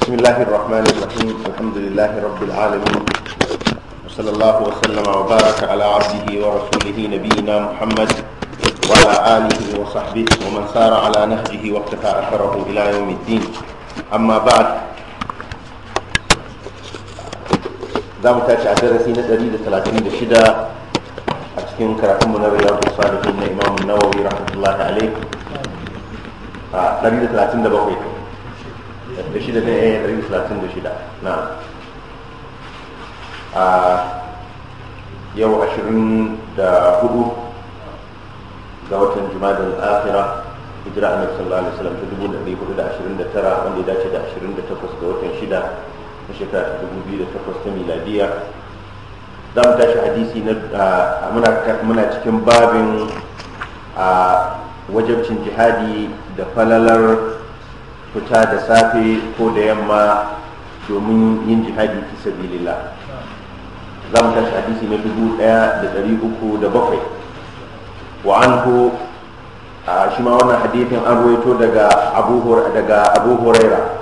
بسم الله الرحمن الرحيم الحمد لله رب العالمين وصلى الله وسلم وبارك على عبده ورسوله نبينا محمد وعلى آله وصحبه ومن سار على نهجه واقتفى أثره إلى يوم الدين أما بعد دام تاتي على درسي نسألي cikin karatunmu na riyadu salihin na imam nawawi rahmatullah alaihi a 137 eh, da shida ne 136 na a yau 24 ga watan jumadal akhira hijira annabi sallallahu alaihi wasallam ta 1429 wanda ya dace da 28 ga watan 6 na shekara 2008 ta miladiya za mu tashi hadisi na muna cikin babin a wajabcin jihadi da falalar fita da safe ko da yamma domin yin jihadi fi sabilillah za mu tashi hadisi na dubu ɗaya da ɗari uku da bakwai wa an anhu a shi ma wannan hadisin an ruwaito daga abu huraira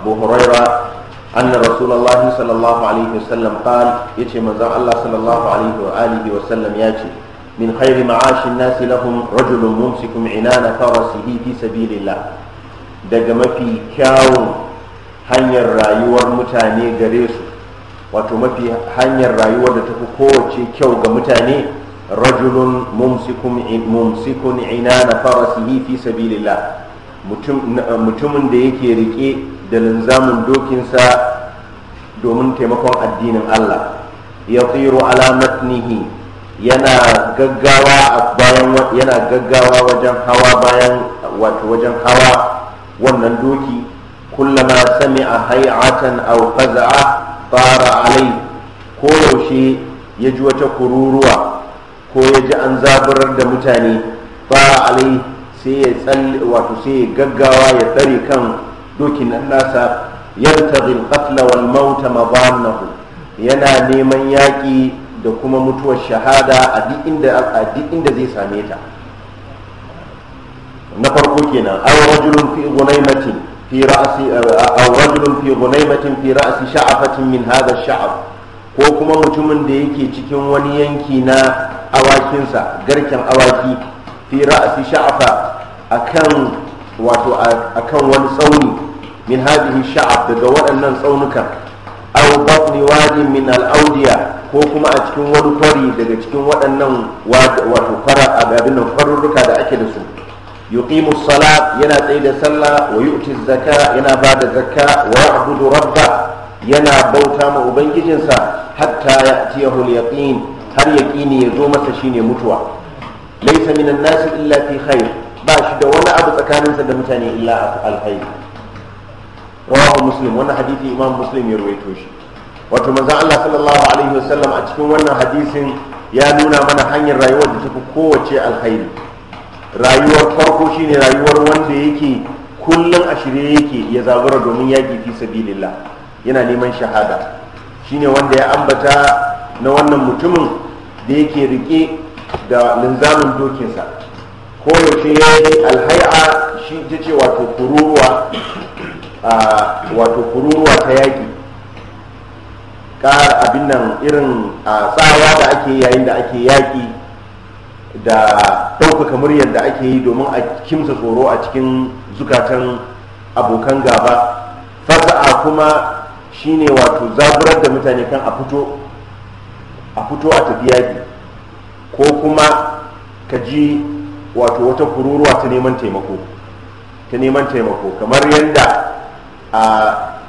abu huraira أن رسول الله صلى الله عليه وسلم قال يتي من الله صلى الله عليه وآله وسلم ياتي من خير معاش الناس لهم رجل ممسك عنان فرسه في سبيل الله daga mafi kyawun hanyar rayuwar mutane gare su wato mafi hanyar rayuwar da tafi kowace kyau ga mutane rajulun mumsikun inana farasihi fi sabilillah mutumin da yake rike da linzamin dokinsa domin taimakon addinin Allah ya tsiro alamat nihi yana gaggawa bayan yana gaggawa wajen hawa bayan wato wajen hawa wannan doki kullama a hay'atan aw faza'a fara alai ko yaushe ya ji wata kururuwa ko ya ji an zaburar da mutane fara alai sai ya wato sai ya gaggawa ya tsare kan dokin nan nasa yabtaghi al-qatla wal maut madannahu yana neman yaki da kuma mutuwar shahada a duk inda zai same ta na farko kenan aw rajulun fi ghunaymatin fi ra'si aw rajulun fi ghunaymatin fi ra'si sha'afatin min hadha sha'ab ko kuma mutumin da yake cikin wani yanki na awakinsa garken awaki fi ra'si sha'afa akan wato akan wani tsauni min hadhihi sha'ab daga waɗannan tsaunukan aw batni wadi min al-awdiya ko kuma a cikin wani kwari daga cikin waɗannan wato kwara a gabin nan kwarurruka da ake da su yuqimu salat yana tsaye da sallah wa yu'ti zaka yana ba da zakka wa ya'budu rabba yana bauta ma ubangijinsa hatta ya'tiyahu al-yaqin har yaqini ya zo masa shine mutuwa laysa minan nasi illa fi khair ba shi da wani abu tsakaninsa da mutane illa alkhair rawahu muslim wannan hadisi imam muslim ya rawaito shi wato manzon Allah sallallahu alaihi wasallam a cikin wannan hadisin ya nuna mana hanyar rayuwar da tafi kowace alkhairi rayuwar farko shine rayuwar wanda yake kullum a shirye yake ya zagura domin yaki fi sabilillah yana neman shahada shine wanda ya ambata na wannan mutumin da yake rike da linzamin dokinsa ko yaushe ya yi alhai'a shi ta ce wato kuruwa a wato kururuwa ta yaƙi ƙara abin nan irin a tsawa da ake yayin da ake yaƙi da ɗaukaka muryar da ake yi domin a kimsa tsoro a cikin zukatan abokan gaba fasa'a kuma shine wato zaburar da mutane kan a fito a fito a tafi yaƙi ko kuma ka ji wato wata kururuwa ta neman taimako kamar yadda ka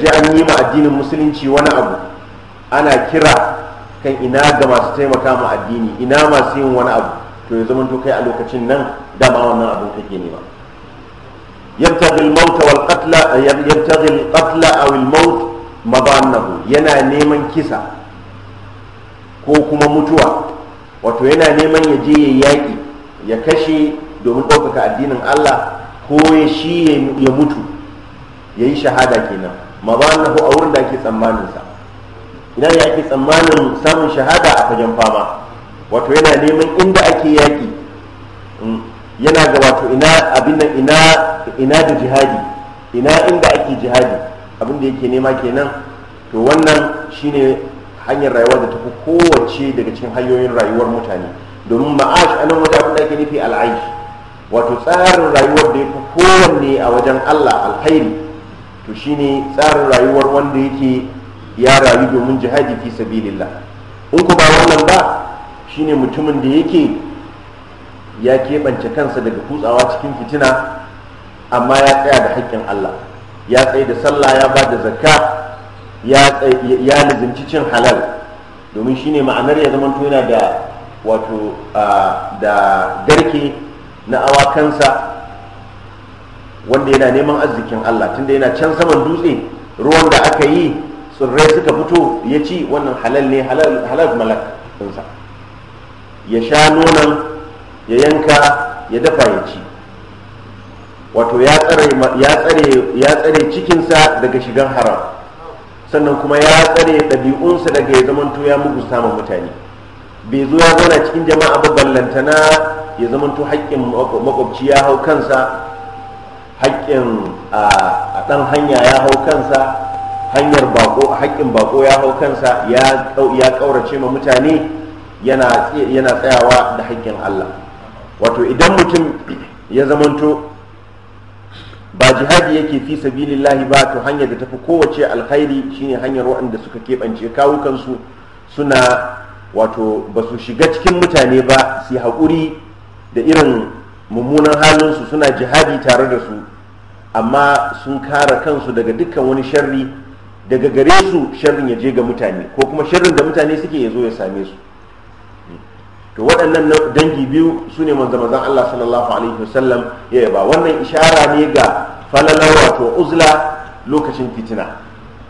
ji an yi ma addinin musulunci wani abu ana kira kan ina ga masu taimaka ma addini ina masu yin wani abu to ya zamanto kai a lokacin nan dama wannan abin kake nema yabtaghi al-maut wal qatla yabtaghi al-qatla aw al-maut mabannahu yana neman kisa ko kuma mutuwa wato yana neman ya je ya yaki ya kashe domin ɗaukaka addinin Allah ko shi ya mutu ya yi shahada kenan mazanahu a wurin da ake tsammaninsa idan ya ake tsammanin samun shahada a fagen fama wato yana neman inda ake yaƙi mm, yana ga wato ina abin da ina da jihadi ina inda ake jihadi abin da yake nema kenan to wannan shine hanyar rayuwa da tafi kowace daga cikin hanyoyin rayuwar mutane domin ma'ash anan wata abin da ake nufi al'aishi wato tsarin rayuwar da ya fi kowanne a wajen allah alkhairi to shine tsarin rayuwar wanda yake ya rayu domin jihadi fi sabilillah in ku ba wannan ba shine mutumin da yake ya keɓance kansa daga kutsawa cikin fitina amma ya tsaya da haƙƙin allah ya tsaye da sallah ya ba da zakka ya lizinci cin halal domin shine ma'anar ya zama yana da wato ah, da garke na awakansa wanda yana neman arzikin Allah tunda yana can saman dutse ruwan da aka yi tsirrai suka fito ya ci wannan halal ne halal malak ɗinsa ya sha nonon ya yanka ya dafa ya ci wato ya tsare cikinsa daga shigan haram sannan kuma ya tsare ɗabi'unsa daga ya zamanto ya mugusta mutane bai zo ya zauna cikin jama'a ba ballantana ya zamanto haƙƙin makwabci ya hau kansa haƙƙin a ɗan hanya ya hau kansa hanyar bako haƙƙin bako ya hau kansa ya ƙaurace ma mutane yana tsayawa da haƙƙin Allah wato idan mutum ya zamanto ba jihadi yake fi sabilillahi ba to hanyar da tafi kowace alkhairi shine hanyar waɗanda suka keɓance kawukansu suna wato ba su shiga cikin mutane ba su haƙuri da irin mummunan halinsu suna jihadi tare da su amma sun kare kansu daga dukkan wani sharri daga gare su sharrin ya je ga mutane ko kuma sharrin da mutane suke ya zo ya same su to waɗannan dangi biyu su ne manzan Allah sallallahu alaihi wasallam ya yaba wannan ishara ne ga falalar wato uzla lokacin fitina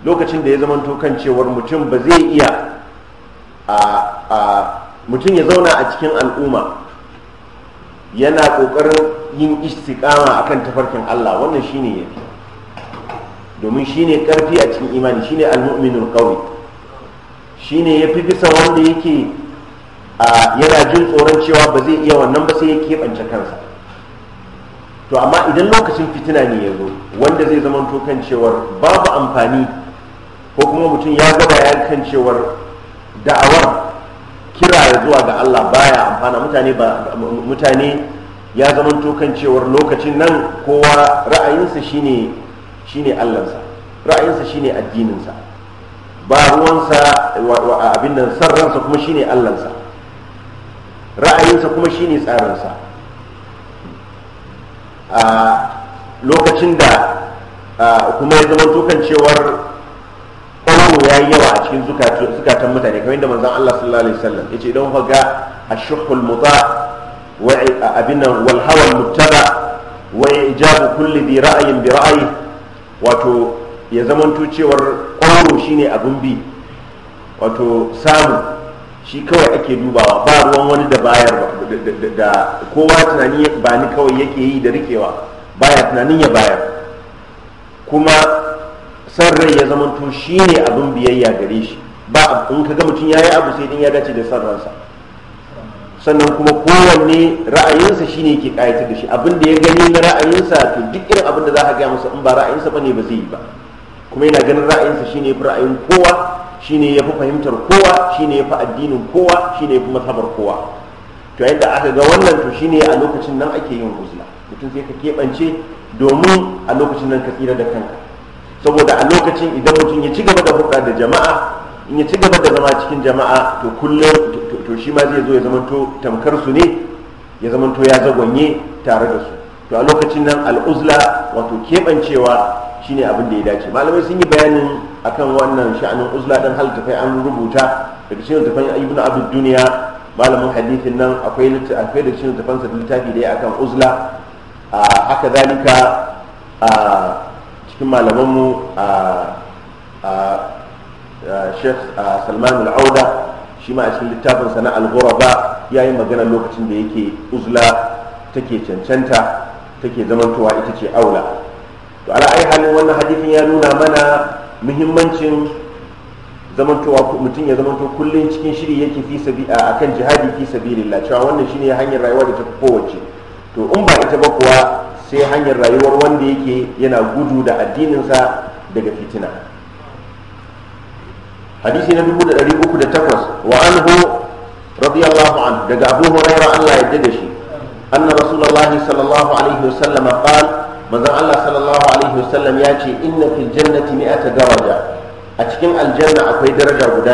lokacin da ya zama kan cewar mutum ba zai iya a mutum ya zauna a cikin al'umma yana kokarin yin istiqama akan tafarkin Allah wannan shine yafi domin shine karfi a cikin imani shine almu'minul qawi shine yafi bisa wanda yake yana jin tsoron cewa ba zai iya wannan ba sai ya keɓance kansa to amma idan lokacin fitina ne ya zo wanda zai zama kan cewar babu amfani ko kuma mutum ya gaba ya kan cewar da'awar kira zuwa ga Allah baya amfana mutane ba mutane ya zama tokan cewar lokacin nan kowa ra'ayinsa shine shine Allahnsa ra'ayinsa shine addininsa ba ruwansa abin nan san ransa kuma shine Allahnsa ra'ayinsa kuma shine tsarinsa a lokacin da kuma ya zama tokan cewar so ya yi yawa a cikin zukatan mutane kamar yadda manzon Allah sallallahu alaihi wasallam yace idan kuka ga ashuhul muta wa abin nan wal hawa muttaba wa ijabu kulli bi ra'ayin bi ra'ayi wato ya zamanto cewar kwaro shine abun bi wato samu shi kawai ake dubawa ba ruwan wani da bayar da kowa tunani ba ni kawai yake yi da rikewa baya tunanin ya bayar kuma san rai ya zama to shi ne abin biyayya gare shi ba in ka ga mutum ya yi abu sai din ya dace da san ransa sannan kuma kowanne ra'ayinsa shine ke kayatar da shi abin da ya gani na ra'ayinsa to duk irin abin da za ka gaya masa in ba ra'ayinsa ne ba zai yi ba kuma yana ganin ra'ayinsa shine fi ra'ayin kowa shine fi fahimtar kowa shine fi addinin kowa shine fi mazhabar kowa to yadda aka ga wannan to ne a lokacin nan ake yin huzla mutum sai ka keɓance domin a lokacin nan ka tsira da kanka saboda a lokacin idan mutum ya ci gaba da hulɗa da jama'a in ya ci gaba da zama cikin jama'a to kullum to shi ma zai zo ya zamanto tamkar su ne ya zamanto ya zagonye tare da su to a lokacin nan al'uzla wato keɓancewa shine abin da ya dace malamai sun yi bayanin akan wannan sha'anin uzla dan hal tafai an rubuta daga cikin tafai ibnu abdul duniya malamin hadithin nan akwai akwai da cikin tafansa da littafi da akan uzla a haka zalika a cikin malamanmu a Sheikh Salman Al-Auda shi ma a cikin littafin sana al ya yayin magana lokacin da yake uzla take cancanta take zamantowa ita ce aula to ala ai halin wannan hadifin ya nuna mana muhimmancin zamantowa mutum ya zamanto kullum cikin shiri yake fi sabi akan jihadi fi sabilillah cewa wannan shine hanyar rayuwa da ta kowace to in ba ita ba kuwa sai hanyar rayuwar wanda yake yana gudu da addininsa daga fitina hadisi na 308 wa anhu radiyallahu anhu daga abu huraira Allah ya da shi anna rasulullahi sallallahu alaihi wasallam qal manzon Allah sallallahu alaihi wasallam ya ce inna fil jannati mi'ata daraja a cikin aljanna akwai daraja guda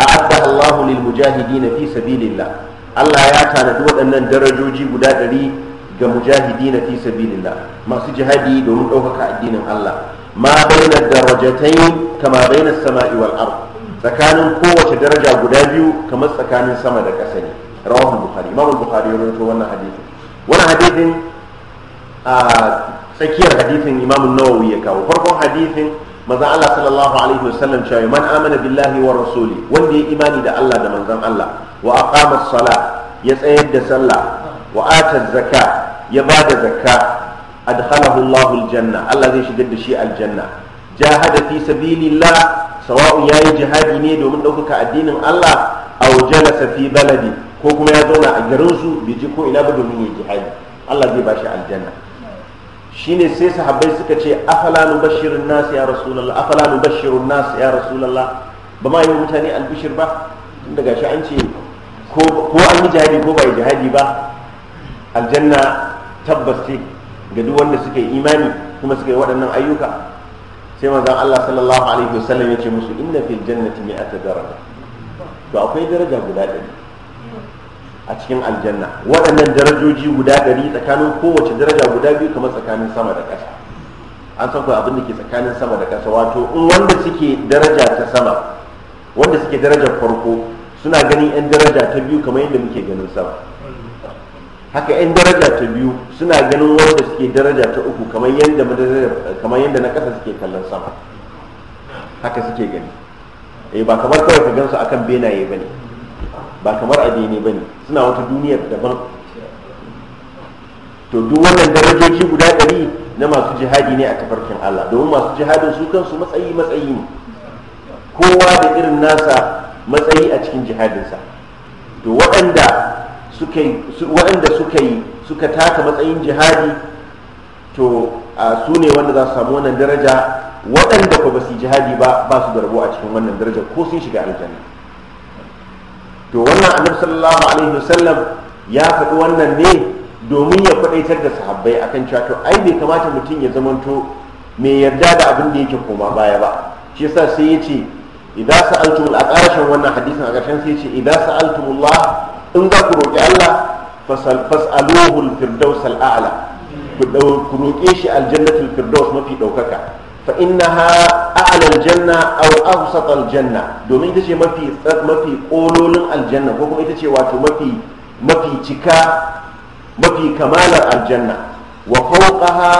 100 a'adda Allahu lil mujahidin fi sabilillah Allah ya tanadi waɗannan darajoji guda ɗari. ga mujahidina fi sabilillah masu jihadi domin ɗaukaka addinin Allah ma baina darajatain kama baina sama'i wal ard tsakanin kowace daraja guda biyu kamar tsakanin sama da ƙasa ne rawahu bukhari imam bukhari yana rawaito wannan hadisin wannan hadisin a tsakiyar hadisin imam nawawi ya kawo farkon hadisin manzo Allah sallallahu alaihi wasallam cewa man amana billahi wa rasuli wanda ya imani da Allah da manzon Allah wa aqama as-sala ya tsayar da sallah wa ata zakka ya ba da zakka adkhalahu Allahu aljanna Allah zai shigar da shi aljanna jahada fi sabilillah sawa'un yayi jihadi ne domin ɗaukaka addinin Allah aw jalasa fi baladi ko kuma ya zauna a garin su bai ji ko ina ba domin yayi jihadi Allah zai ba bashi aljanna shine sai sahabbai suka ce afala nubashirun nas ya rasulullah afala nubashirun nas ya rasulullah ba ma yi mutane albishir ba Daga shi an ce ko an yi jihadi ko ba yi jihadi ba aljanna tabbas ce ga duk wanda suke imani kuma suke waɗannan ayyuka sai manzon Allah sallallahu alaihi wasallam ya ce musu inna fil jannati mi'ata daraja to akwai daraja guda ɗari a cikin aljanna waɗannan darajoji guda ɗari tsakanin kowace daraja guda biyu kamar tsakanin sama da ƙasa an san abin da ke tsakanin sama da ƙasa wato in wanda suke daraja ta sama wanda suke darajar farko suna ganin 'yan daraja ta biyu kamar yadda muke ganin sama haka yan daraja ta biyu suna ganin wanda suke daraja ta uku kamar yadda kamar yadda na kasa suke kallon sama haka suke gani eh ba kamar kawai ka gansu akan benaye bane ba kamar ba bane suna wata duniyar daban to duk wannan darajoji guda ɗari na masu jihadi ne a tafarkin Allah domin masu jihadin su kansu matsayi matsayi ne kowa da irin nasa matsayi a cikin jihadinsa to waɗanda suka yi waɗanda suka yi suka taka matsayin jihadi to su ne wanda za su samu wannan daraja waɗanda ba ba su jihadi ba ba su da a cikin wannan daraja ko sun shiga aljanna to wannan annabi sallallahu alaihi wasallam ya faɗi wannan ne domin ya faɗaitar da sahabbai akan cewa to ai bai kamata mutum ya zamanto mai yarda da abin da yake koma baya ba shi yasa sai ya ce idan sa'altumul aqashin wannan hadisin a ƙarshen sai ya ce idan sa'altumullah in za ku roƙi Allah fas'aluhu al-firdaus al-a'la ku roƙe shi aljannatul firdaus mafi ɗaukaka fa innaha a'la al-janna aw awsat al-janna domin ita ce mafi mafi kololin aljanna ko kuma ita ce wato mafi mafi cika mafi kamalar aljanna wa fawqaha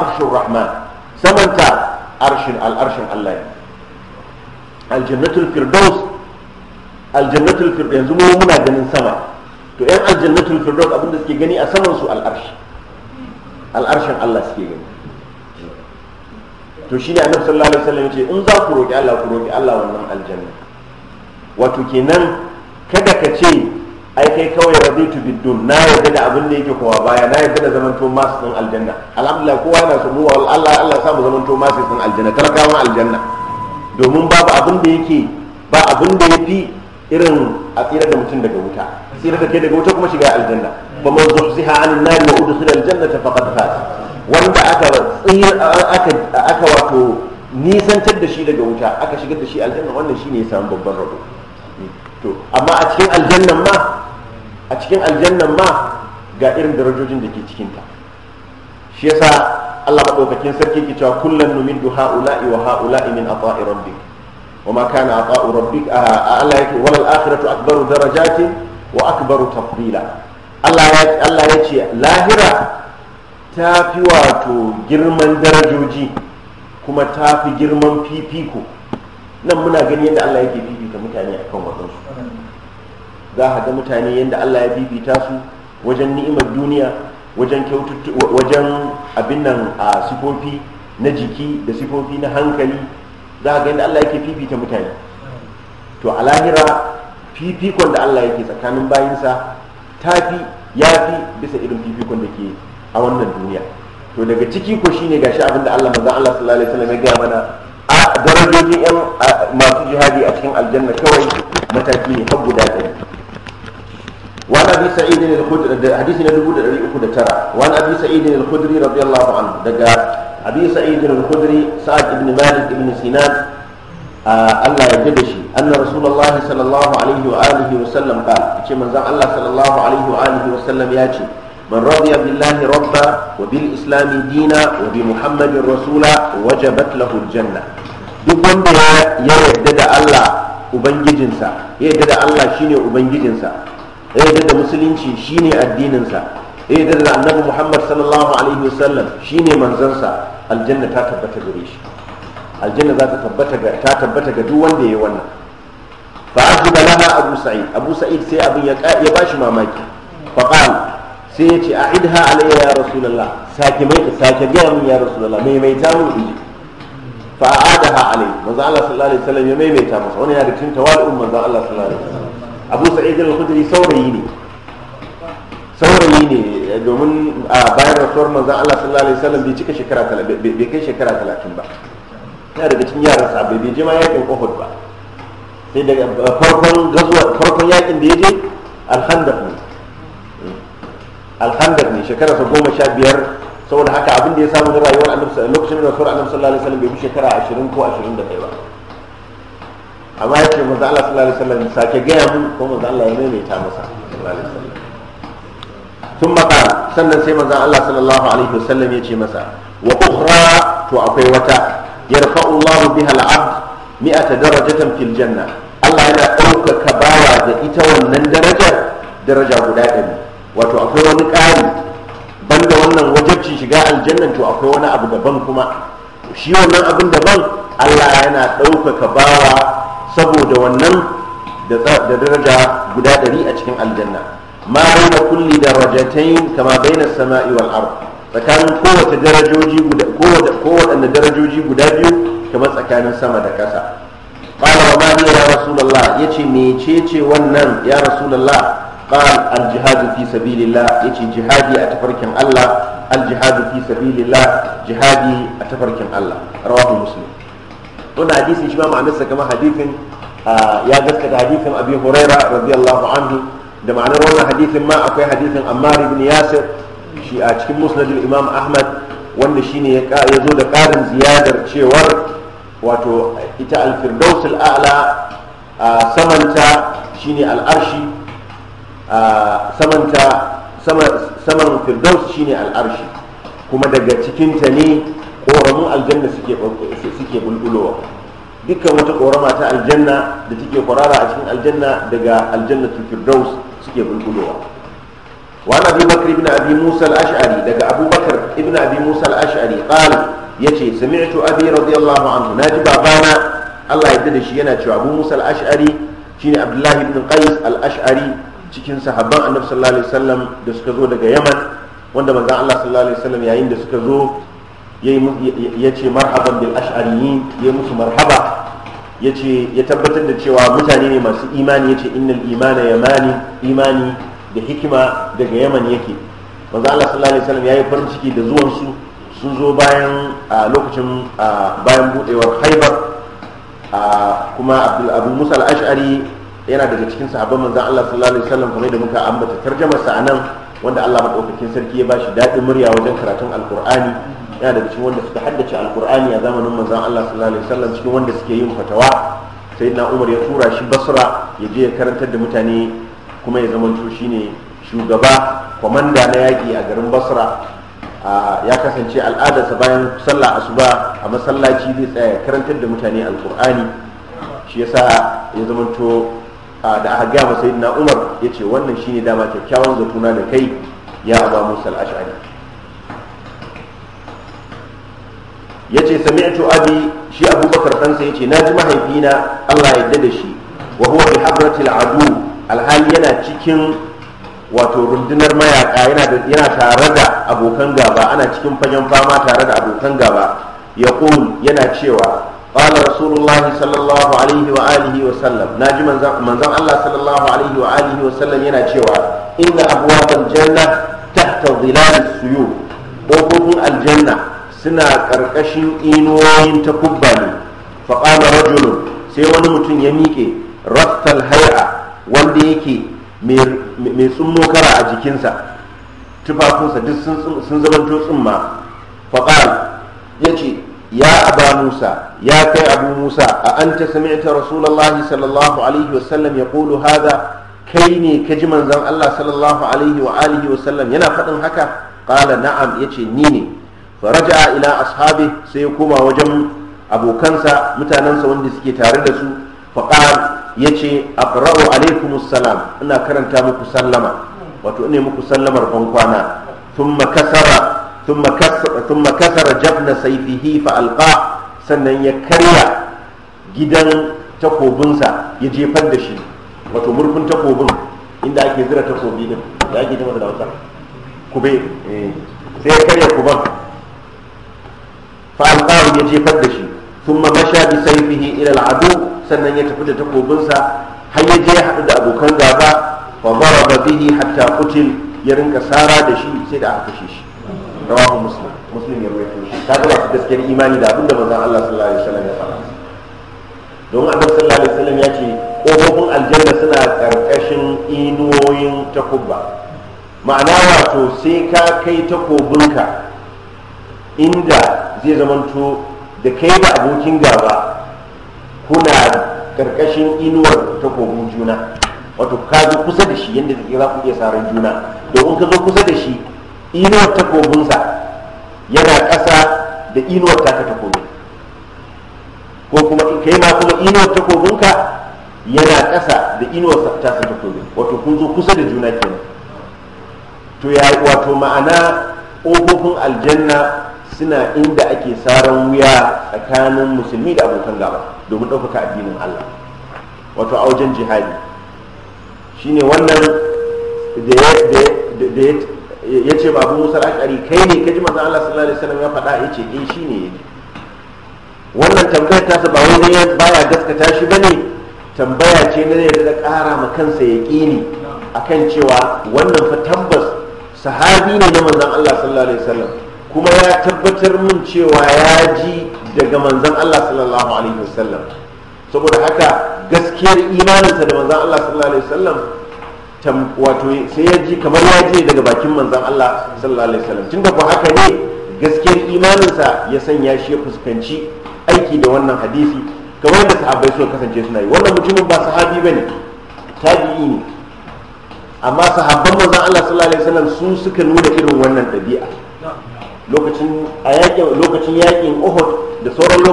arshur rahman samanta arshin al-arshin Allah aljannatul firdaus aljannatul firdaus yanzu mu muna ganin sama to yan aljannatul firdaus da suke gani a saman su al'arshi al'arshin Allah suke gani to shine annabi sallallahu alaihi wasallam yace in za ku roki Allah ku roki Allah wannan aljanna wato kenan kada ka ce ai kai kawai raditu bidun na yarda da abin da yake kowa baya na yarda da to masu din aljanna alhamdulillah kowa yana so mu Allah Allah samu to masu din aljanna talakawan aljanna domin babu abin da yake ba abin da yafi irin a tsira da mutum daga wuta tsira da ke daga wuta kuma shiga aljanna ba zuwa zuhziha an nari wa udkhila aljannata faɗa. ta wanda aka tsira aka aka wato nisantar da shi daga wuta aka shigar da shi aljanna wannan shi ne ya samu babban rabo to amma a cikin aljannan ma a cikin aljannan ma ga irin darajojin da ke cikin ta shi yasa Allah madaukakin sarki ke cewa kullan numiddu ha'ula'i wa ha'ula'i min ata'i rabbik وما كان عطاء ربك daraja ce ولا الآخرة أكبر درجات وأكبر تفضيلا الله يكي الله يكي ta fi واتو جرمان درجوجي كما تافي جرمان في بيكو nan muna gani yadda Allah yake bibita mutane akan waɗansu za a ga mutane yadda Allah ya fifita su wajen ni'imar duniya wajen wajen abin nan a sifofi na jiki da sifofi na hankali za ga yadda Allah yake fifita mutane to a lahira fifikon da Allah yake tsakanin bayinsa ya fi bisa irin fifikon da ke a wannan duniya to daga ciki ko shine gashi abin da Allah maza Allah sallallahu alaihi wasallam ya gaya mana a darajojin yan masu jihadi a cikin aljanna kawai mataki ne har guda ɗaya وعن ابي سعيد الخدري حديث 1309 وعن ابي سعيد الخدري رضي الله عنه دقا abi sa'id al-khudri sa'ad ibn malik ibn sinan Allah ya da shi anna rasulullah sallallahu alaihi wa alihi wa sallam ba yace manzon Allah sallallahu alaihi wa alihi wa sallam ya ce man radiya billahi rabba wa bil islam dina wa bi muhammadin rasula wajabat lahu al-janna duk wanda ya yarda da Allah ubangijinsa ya yarda da Allah shine ubangijinsa ya yarda da musulunci shine addininsa ya yarda da annabi Muhammad sallallahu alaihi wa wasallam shine manzansa aljanna ta tabbata gare shi aljanna za ta tabbata ga ta tabbata ga duk wanda yayi wannan fa ajiba lana abu sa'id abu sa'id sai abin ya ya bashi mamaki fa qala sai ya ce a'idha alayya ya rasulullah sake mai sake ga min ya rasulullah mai mai ta mun inji fa a'adaha alayhi manzo Allah sallallahu alaihi wasallam ya maimaita masa wani ya da tinta wal umman manzo Allah sallallahu alaihi wasallam abu sa'id al-khudri saurayi ne saurayi ne domin a bayan rasuwar manzan Allah sallallahu alaihi wasallam bai cika shekara bai kai shekara talatin ba ya daga cikin yaran sa bai je ma yakin Uhud ba sai daga farkon gazuwa farkon yakin da ya je alhandaf ne alhandaf ne shekara sa goma sha biyar saboda haka abin da ya samu na rayuwar annabi lokacin rasuwar annabi sallallahu alaihi salam bai bi shekara ashirin ko ashirin da kai ba amma ya ce manzo Allah sallallahu alaihi wasallam sake gaya mun ko manzo Allah ya maimaita masa sallallahu alaihi wasallam sun maka sannan sai manzan Allah sallallahu alaihi wasallam ya ce masa wa ukhra to akwai wata yarfa'u Allah biha al-abd mi'ata darajatan fil janna Allah yana ɗaukaka bawa da ita wannan darajar daraja guda ɗari wato akwai wani ƙari banda wannan wajabci shiga aljannan to akwai wani abu daban kuma shi wannan abin daban Allah yana ɗaukaka bawa saboda wannan da daraja guda ɗari a cikin aljanna ma baina da darajatain kama baina samai wal ard tsakanin kowace darajoji guda biyu kamar tsakanin sama da ƙasa qala wa ma ya rasulullah yace mecece wannan ya rasulullah قال الجهاد في سبيل الله يجي جهادي أتفركم الله الجهاد في سبيل الله جهادي أتفركم الله رواه مسلم هنا حديث شباب عن كما حديث آه يا جسد حديث أبي هريرة رضي الله عنه da ma'anar wannan hadithin ma akwai hadithin ammar ibn yasir shi a cikin musnad imam ahmad wanda shine ya zo da ƙarin ziyadar cewar wato ita al-firdaus al-a'la samanta shine al-arshi samanta saman firdaus shine al-arshi kuma daga cikinta ne ƙoramin aljanna suke bulbulowa dukkan wata ƙorama ta aljanna da take kwarara a cikin aljanna daga aljannatul firdaus suke bulbulowa wa abi bakr ibn abi musa al-ash'ari daga abu bakr ibn abi musa al-ash'ari qala yace sami'tu abi radiyallahu anhu naji babana Allah ya da shi yana cewa abu musa al-ash'ari shine abdullahi ibn qais al-ash'ari cikin sahabban annabi sallallahu alaihi wasallam da suka zo daga yaman wanda manzon Allah sallallahu alaihi wasallam yayin da suka zo ya ce marhaban bil ash'ariyin ya musu marhaba ce ya tabbatar da cewa mutane ne masu imani yace innal imana yamani imani da hikima daga yaman yake manzo Allah sallallahu alaihi wasallam yayi farin ciki da zuwan su sun zo bayan a lokacin bayan budewar Haibar kuma Abdul Abu Musa al-Ash'ari yana daga cikin sahabban manzo Allah sallallahu alaihi wasallam kamar da muka ambata tarjumar sa anan wanda Allah madaukakin sarki ya bashi dadin murya wajen karatun Alkur'ani yana daga cikin wanda suka haddace alkur'ani a zamanin manzon Allah sallallahu alaihi wasallam cikin wanda suke yin fatawa sayyidina Umar ya tura shi Basra ya je ya karantar da mutane kuma ya zamanto shine shugaba kwamanda na yaki a garin Basra ya kasance al'adarsa bayan sallah asuba a masallaci zai tsaya karantar da mutane alkur'ani shi yasa ya zamanto da aka gaya masa na umar ya ce wannan shi ne dama kyakkyawan zatuna da kai ya abu musa ash'ari ya ce sami'tu abi shi abubakar ɗansa ya ce na ji mahaifina allah ya yarda da shi wa huwa bi habratil adu alhali yana cikin wato rundunar mayaka yana tare da abokan gaba ana cikin fagen fama tare da abokan gaba ya yana cewa qala rasulullahi sallallahu alaihi wa alihi wa sallam naji manzon Allah sallallahu alaihi wa alihi wa sallam yana cewa inna abwabal janna tahta dhilal suyu kofofin aljanna suna ƙarƙashin inuwoyin ta kubba ne faƙama rajulun sai wani mutum ya miƙe rattal hai'a wanda yake mai tsummo kara a jikinsa tufafinsa duk sun zamanto tsumma faƙal ya ce ya aba musa ya kai abu musa a an ta sami'ta rasulallahi sallallahu alaihi wasallam ya ƙulu hada kai ne ka ji manzon allah sallallahu alaihi wa alihi wasallam yana faɗin haka ƙala na'am ya ce ni ne faraja ila ashabi sai ya koma wajen abokansa mutanensa wanda suke tare da su faqal yace aqra'u alaikumus salam ina karanta muku sallama wato ina muku sallamar bankwana thumma kasara thumma kasara thumma kasara jabna sayfihi fa alqa sannan ya karya gidan takobinsa ya jefar da shi wato murfin takobin inda ake zira takobi din da ake jima da wasa kube eh, sai ya karya kuban fa ya jefar da shi thumma masha sai sayfihi ila al'adu sannan ya tafi da takobinsa har ya je ya haɗu da abokan gaba fa daraba bihi hatta qutil ya rinka sara da shi sai da aka kashe shi rawahu muslim shi imani da don annabi sallallahu alaihi wasallam ya ce kofofin aljanna suna karkashin inuwoyin takubba ma'ana wato sai ka kai takobinka inda zai zamanto da kai da abokin gaba kuna karkashin inuwar takobin juna wato ka zo kusa da shi yadda kake za ku iya saran juna domin ka zo kusa da shi inuwar takobinsa yana ƙasa da inuwar taka takobin ko kuma kai ma kuma inuwar takobinka yana ƙasa da inuwar tasa takobin wato kun zo kusa da juna kenan to ya wato ma'ana ƙofofin aljanna suna inda ake saran wuya tsakanin musulmi da abokan gaba domin ɗaukaka addinin Allah wato a wajen jihadi shine wannan da ya ce babu musar akari kai ne kaji manzon Allah sallallahu alaihi wasallam ya faɗa ya ce ɗin eh, shine yake wannan tambayar ta ba wani baya gaskata shi bane tambaya ce na da ƙara ma kansa ya a kan cewa wannan fa tabbas sahabi ne na manzan Allah sallallahu alaihi wasallam kuma ya tabbatar min cewa ya ji daga manzan Allah sallallahu alaihi wasallam saboda haka gaskiyar imaninsa da manzan Allah sallallahu alaihi wasallam wato sai ya ji kamar ya ji daga bakin manzan Allah sallallahu alaihi wasallam tunda ko haka ne gaskiyar imaninsa ya sanya shi ya fuskanci aiki da wannan hadisi kamar da sahabbai suka kasance suna yi wannan mutumin ba sahabi bane tabi'i ne amma sahabban manzan Allah sallallahu alaihi wasallam su suka nuna irin wannan ɗabi'a lokacin a yakin lokacin yakin Uhud da sauran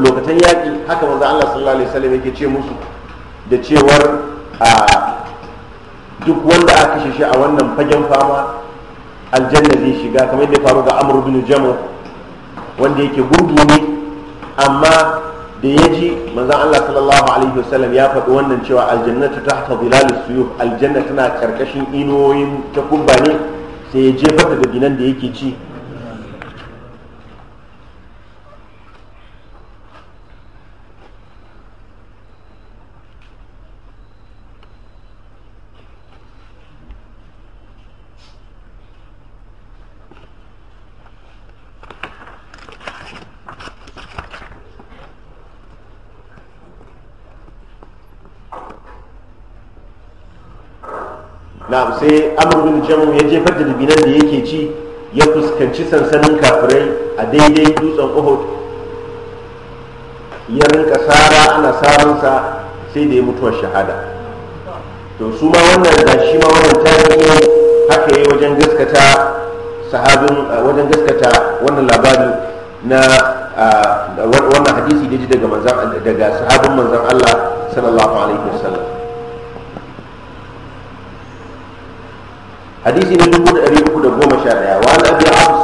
lokacin yaki haka manzo Allah sallallahu alaihi wasallam yake ce musu da cewar a duk wanda aka kashe shi a wannan fagen fama aljanna zai shiga kamar da faru ga Amr ibn Jamr wanda yake gurbi ne amma da ya ji manzon Allah sallallahu alaihi wasallam ya faɗi wannan cewa aljannatu tahta dhilalis suyuf aljanna tana karkashin inuwoyin takubba ne sai ya jefar da binan da yake ci na sai amurin bin jamu ya jefar da dubinan da yake ci ya fuskanci sansanin kafirai a daidai dutsen uhud ya rinka sara ana tsarinsa sai da ya mutuwar shahada to su ma wannan da shi ma wannan tarihi haka yi wajen gaskata sahabin wajen gaskata wannan labari na wannan hadisi da ji daga sahabin manzan Allah sallallahu alaihi wasallam hadisi na dubu da ɗari uku da goma sha ɗaya wa an abi abs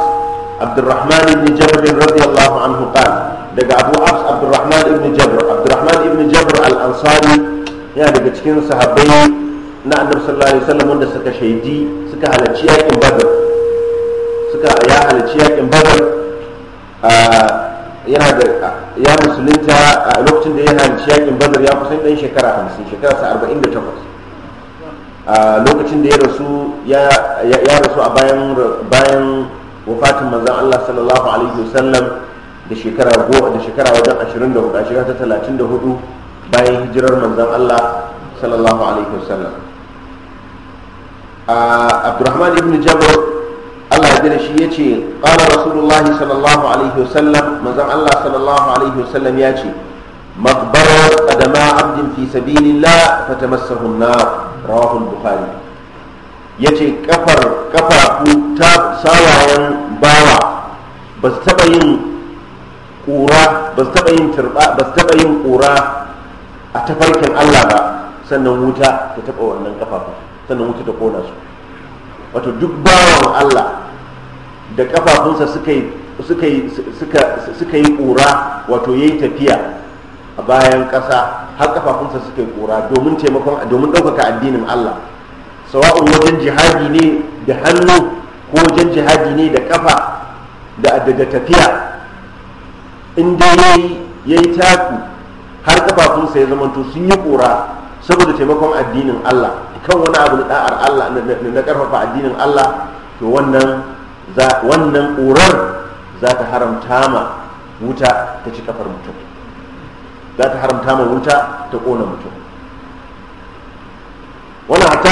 abdurrahman ibn jabr radiyallahu anhu qal daga abu abs abdurrahman ibn jabr abdurrahman ibn jabr al-ansari yana daga cikin sahabbai na annabi sallallahu alaihi wanda suka shaidi suka halarci yakin badar ya halarci musulunta a lokacin da ya halarci yakin badar ya kusan ɗan shekara 50 shekara 48 a lokacin da ya rasu ya rasu a bayan bayan wafatin manzon Allah sallallahu alaihi wasallam da shekara da shekara wajen 24 a shekara ta 34 bayan hijirar manzon Allah sallallahu alaihi wasallam Abdurrahman ibn Jabr Allah ya gina shi ya ce ƙara rasulullahi sallallahu alaihi wasallam manzon Allah sallallahu alaihi wasallam yace مقبرة قدما عبد في سبيل الله فتمسه النار rawahul bukhari yace kafar kafafu ta sawayen bawa ba su taba yin ƙura ba su taba yin turba ba su taba yin ƙura a tafarkin Allah ba sannan wuta ta taba wannan kafafu sannan wuta ta kona su wato duk bawan Allah da kafafunsa suka yi suka yi ƙura wato yayi tafiya a bayan ƙasa har kafafunsa suke kura domin taimakon domin ɗaukaka addinin Allah sawa'un wajen jihadi ne da hannu ko wajen jihadi ne da kafa da daga tafiya in dai yayi taku har kafafunsa ya zamanto sun yi kura saboda taimakon addinin Allah kan wani abu na da'ar Allah na karfafa addinin Allah to wannan wannan ƙurar za ta haramta ma wuta ta ci kafar mutum za ta haramta ma wuta ta kona mutum wannan hatta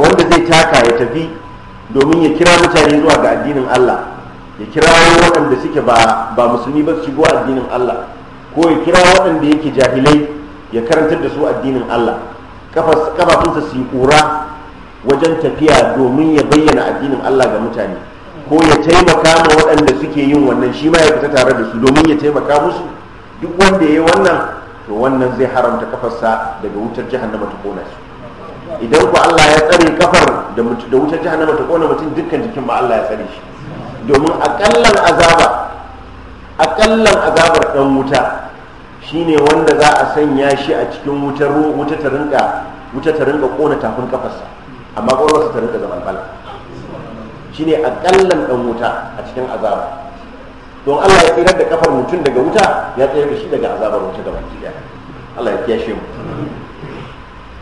wanda zai taka ya tafi domin ya kira mutane zuwa ga addinin Allah ya kira waɗanda suke ba musulmi ba su shigo addinin Allah ko ya kira waɗanda yake jahilai ya karantar da su addinin Allah kafafunsa su yi ƙura wajen tafiya domin ya bayyana addinin Allah ga mutane ko ya taimaka ma waɗanda suke yin wannan shi ma ya fita tare da su domin ya taimaka musu duk wanda ya yi wannan to wannan zai haramta kafarsa daga wutar jahannama ta kona shi idan ku Allah ya tsare kafar da wutar jahannama ta kona mutum dukkan jikin ba Allah ya tsare shi domin akallan azaba akallan azabar dan wuta shine wanda za a sanya shi a cikin wutar wuta ta rinka wuta ta rinka kona tafin kafarsa amma kwakwalwarsa ta rinka zaman bala shine akallan dan wuta a cikin azaba don Allah ya tsirar da kafar mutum daga wuta ya tsayar da shi daga azabar wuta da baki daya Allah ya kiyashe mu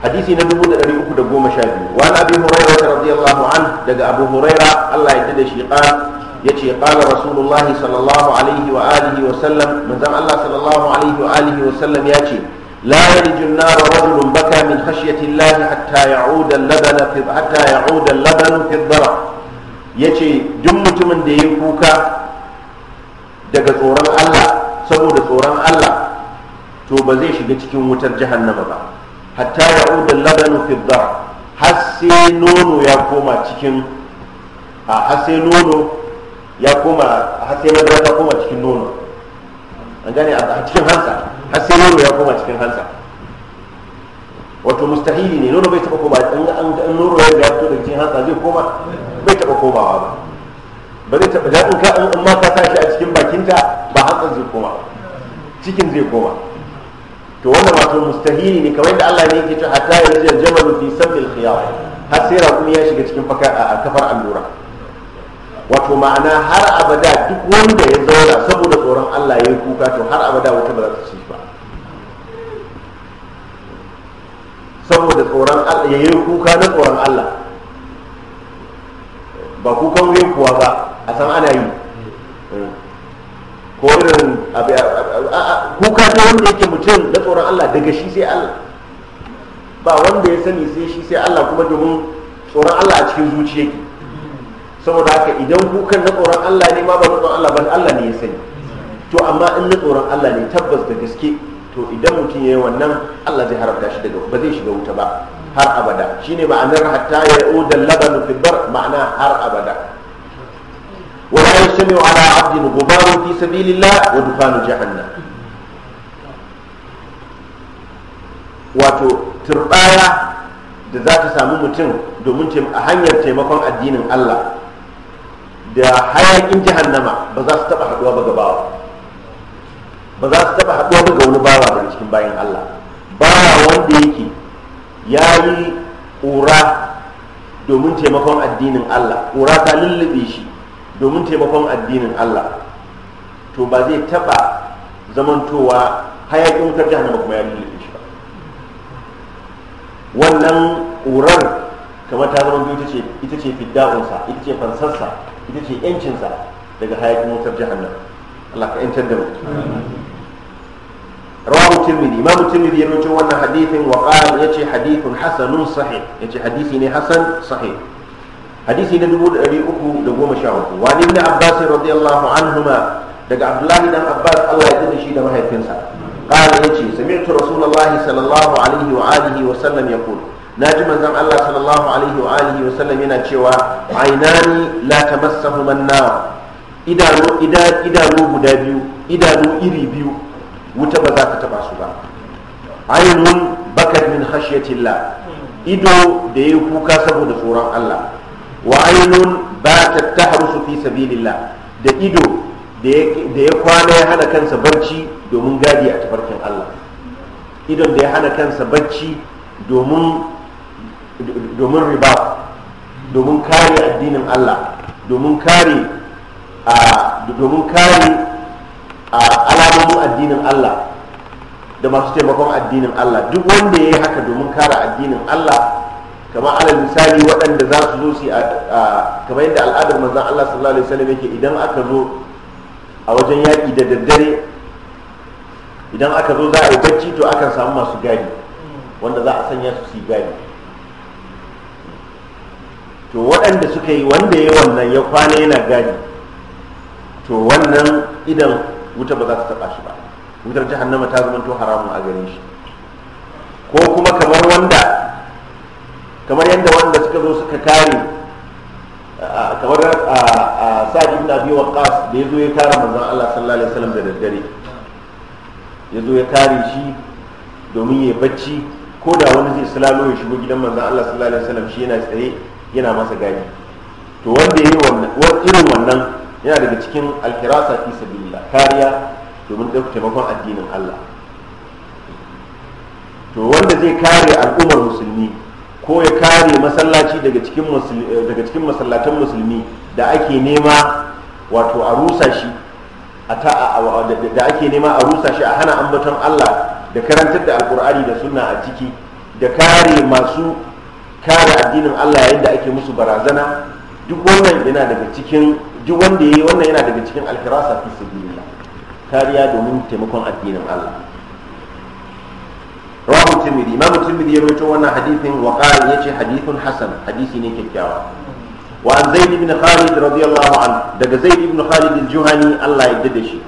hadisi na dubu da da ɗari uku goma sha biyu. wa na abi hurairah radiyallahu an daga abu hurairah Allah ya da shi qal yace qala rasulullahi sallallahu alaihi wa alihi wa sallam manzon Allah sallallahu alaihi wa alihi wa sallam yace لا يلج النار رجل بكى من خشية الله حتى يعود اللبن في حتى يعود اللبن في الضرع يجي دم متمن da ya kuka. daga tsoron Allah saboda tsoron Allah to ba zai shiga cikin wutar jahannama ba hatta ya udal ladanu fi har sai nono ya koma cikin a har sai nono ya koma har sai madara ta koma cikin nono an gane a cikin hansa har sai nono ya koma cikin hansa wato mustahili ne nono bai taba koma in nono ya fito daga cikin hansa zai koma bai taba komawa ba ba zai taɓa daɗin ka in ma ka shi a cikin bakinta ba hantsan zai koma cikin zai koma to wannan wato mustahili ne kamar yadda Allah ne yake cewa hatta ya al-jamalu fi samil khiyar har sai raƙumi ya shiga cikin kafar allura wato ma'ana har abada duk wanda ya zauna saboda tsoron Allah ya yi kuka to har abada wata ba za ta ci ba saboda tsoron Allah ya yi kuka na tsoron Allah ba kukan wuyan kuwa ba a san ana yi ko irin kuka ta wanda yake mutum na tsoron Allah daga shi sai Allah ba wanda ya sani sai shi sai Allah kuma domin tsoron Allah a cikin zuciya ke saboda haka idan kukan na tsoron Allah ne ma ba na tsoron Allah ba Allah ne ya sani to amma in na tsoron Allah ne tabbas da gaske to idan mutum ya yi wannan Allah zai haramta shi daga ba zai shiga wuta ba har abada shine ma'anar hatta ya uda labanu fi bar ma'ana har abada wa la yasmi'u ala 'abdin ghubarun fi sabilillah wa dufanu jahannam wato turbaya da za ta samu mutum domin a hanyar taimakon addinin Allah da hayakin jahannama ba za su taba haduwa ba bawa ba za su taba haduwa ba ga wani bawa daga cikin bayan Allah bawa wanda yake ya yi ƙura domin taimakon addinin Allah ƙura ta lullube shi domin taimakon addinin Allah to ba zai taɓa zamantowa hayaƙin wutar na kuma ya lullube shi ba wannan ƙurar kamar ta zama ita ce fidda'unsa ita ce fansarsa ita ce 'yancinsa daga hayaƙin wutar jahannama Allah ka 'yantar da mu rawahu tirmidhi imamu tirmidhi ya rawaito wannan hadithin wa qala yace hadithun hasanun sahih yace hadisi ne hasan sahih hadisi na 313 wa ibn abbas radiyallahu anhuma daga abdullahi dan abbas Allah ya tsare shi da mahaifinsa qala yace sami'tu rasulullahi sallallahu alaihi wa alihi wa sallam yaqul naji manzon Allah sallallahu alaihi wa alihi wa sallam yana cewa ainani la tamassahuma an-nar idanu guda biyu idanu iri biyu wuta ba za ka taba su ba ainun bakat min khashyatillah ido da yayi kuka saboda tsoron Allah wa ainun ta tahrusu fi sabilillah da ido da ya kwana ya hana kansa barci domin gadi a tafarkin Allah idon da ya hana kansa barci domin riba domin kare addinin Allah domin kare alamomin addinin Allah da masu taimakon addinin Allah duk wanda ya yi haka domin kare addinin Allah kamar alal misali waɗanda za su zo su kamar yadda al'adar manzon Allah sallallahu alaihi wasallam yake idan aka zo a wajen yaƙi da daddare idan aka zo za a yi bacci to akan samu masu gadi wanda za a sanya su su gadi to waɗanda suka yi wanda ya wannan ya kwana yana gadi to wannan idan wuta ba za ta taba shi ba wutar jahannama ta zama to haramun a gare shi ko kuma kamar wanda kamar yadda wanda suka zo suka kare kamar a sa'ad ibn abi waqqas da yazo ya kare manzon Allah sallallahu alaihi wasallam da daddare yazo ya kare shi domin ya bacci ko da wani zai salalo ya shigo gidan manzon Allah sallallahu alaihi wasallam shi yana tsaye yana masa gadi to wanda yayi wannan irin wannan yana daga cikin alhirasa fi sabilillah kariya domin ɗauka taimakon addinin Allah to wanda zai kare al'ummar musulmi ko ya kare masallaci daga cikin masallatan musulmi da ake nema wato a rusa shi da ake nema a rusa shi a hana ambaton Allah da karantar da alkur'ani da sunna a ciki da kare masu kare addinin Allah yayin ake musu barazana duk wannan yana daga cikin duk wanda yayi wannan yana daga cikin alhirasa fi sabilillah kariya domin taimakon addinin Allah rawahu timidi imam timidi ya rawaito wannan hadithin wa qala yace hadithun hasan hadisi ne kyakkyawa wa an zaid ibn khalid radiyallahu anhu daga zaid ibn khalid al-juhani Allah ya yarda shi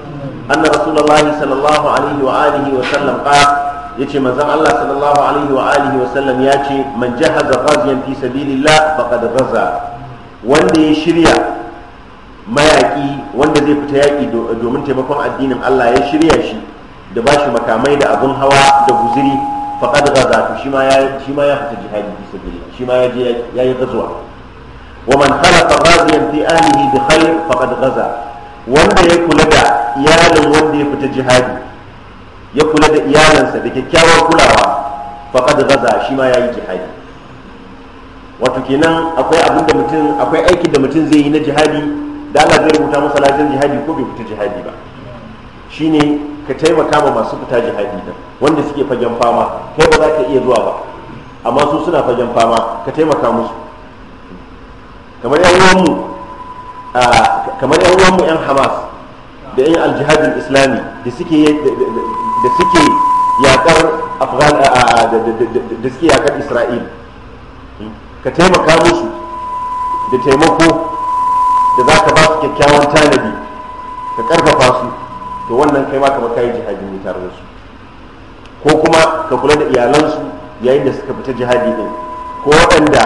anna rasulullah sallallahu alaihi wa alihi wa sallam qala yace manzon Allah sallallahu alaihi wa alihi wa sallam yace man jahaza ghaziyan fi sabilillah faqad ghaza wanda ya shirya mayaƙi wanda zai fita yaƙi domin taimakon addinin Allah ya shirya shi da ba shi makamai da abin hawa da guziri faƙad gaza to shi ma ya fita jihadi bisa gari, shi ma ya yi gazuwa wa man khalaqa ghaziyan fi ahlihi bi khair faqad gaza wanda ya kula da iyalin wanda ya fita jihadi ya kula da iyalansa da kyakkyawar kulawa faƙad gaza shi ma ya yi jihadi wato kenan akwai abin da mutum akwai aikin da mutum zai yi na jihadi da Allah zai rubuta masa lajin jihadi ko bai fita jihadi ba shine ka taimaka ma masu fita jihadi da wanda suke fagen fama kai ba za ka iya zuwa ba amma su suna fagen fama ka taimaka musu kamar yan uwanmu kamar yan uwanmu yan Hamas da yan aljihadin islami da suke da suke yakar afghan da suke yakar isra'il ka taimaka musu da taimako da za ka ba su kyakkyawan tanadi ka karfafa su to wannan kai ma kamar kayi jihadi ne tare da su ko kuma ka kula da iyalansu yayin da suka fita jihadi din ko waɗanda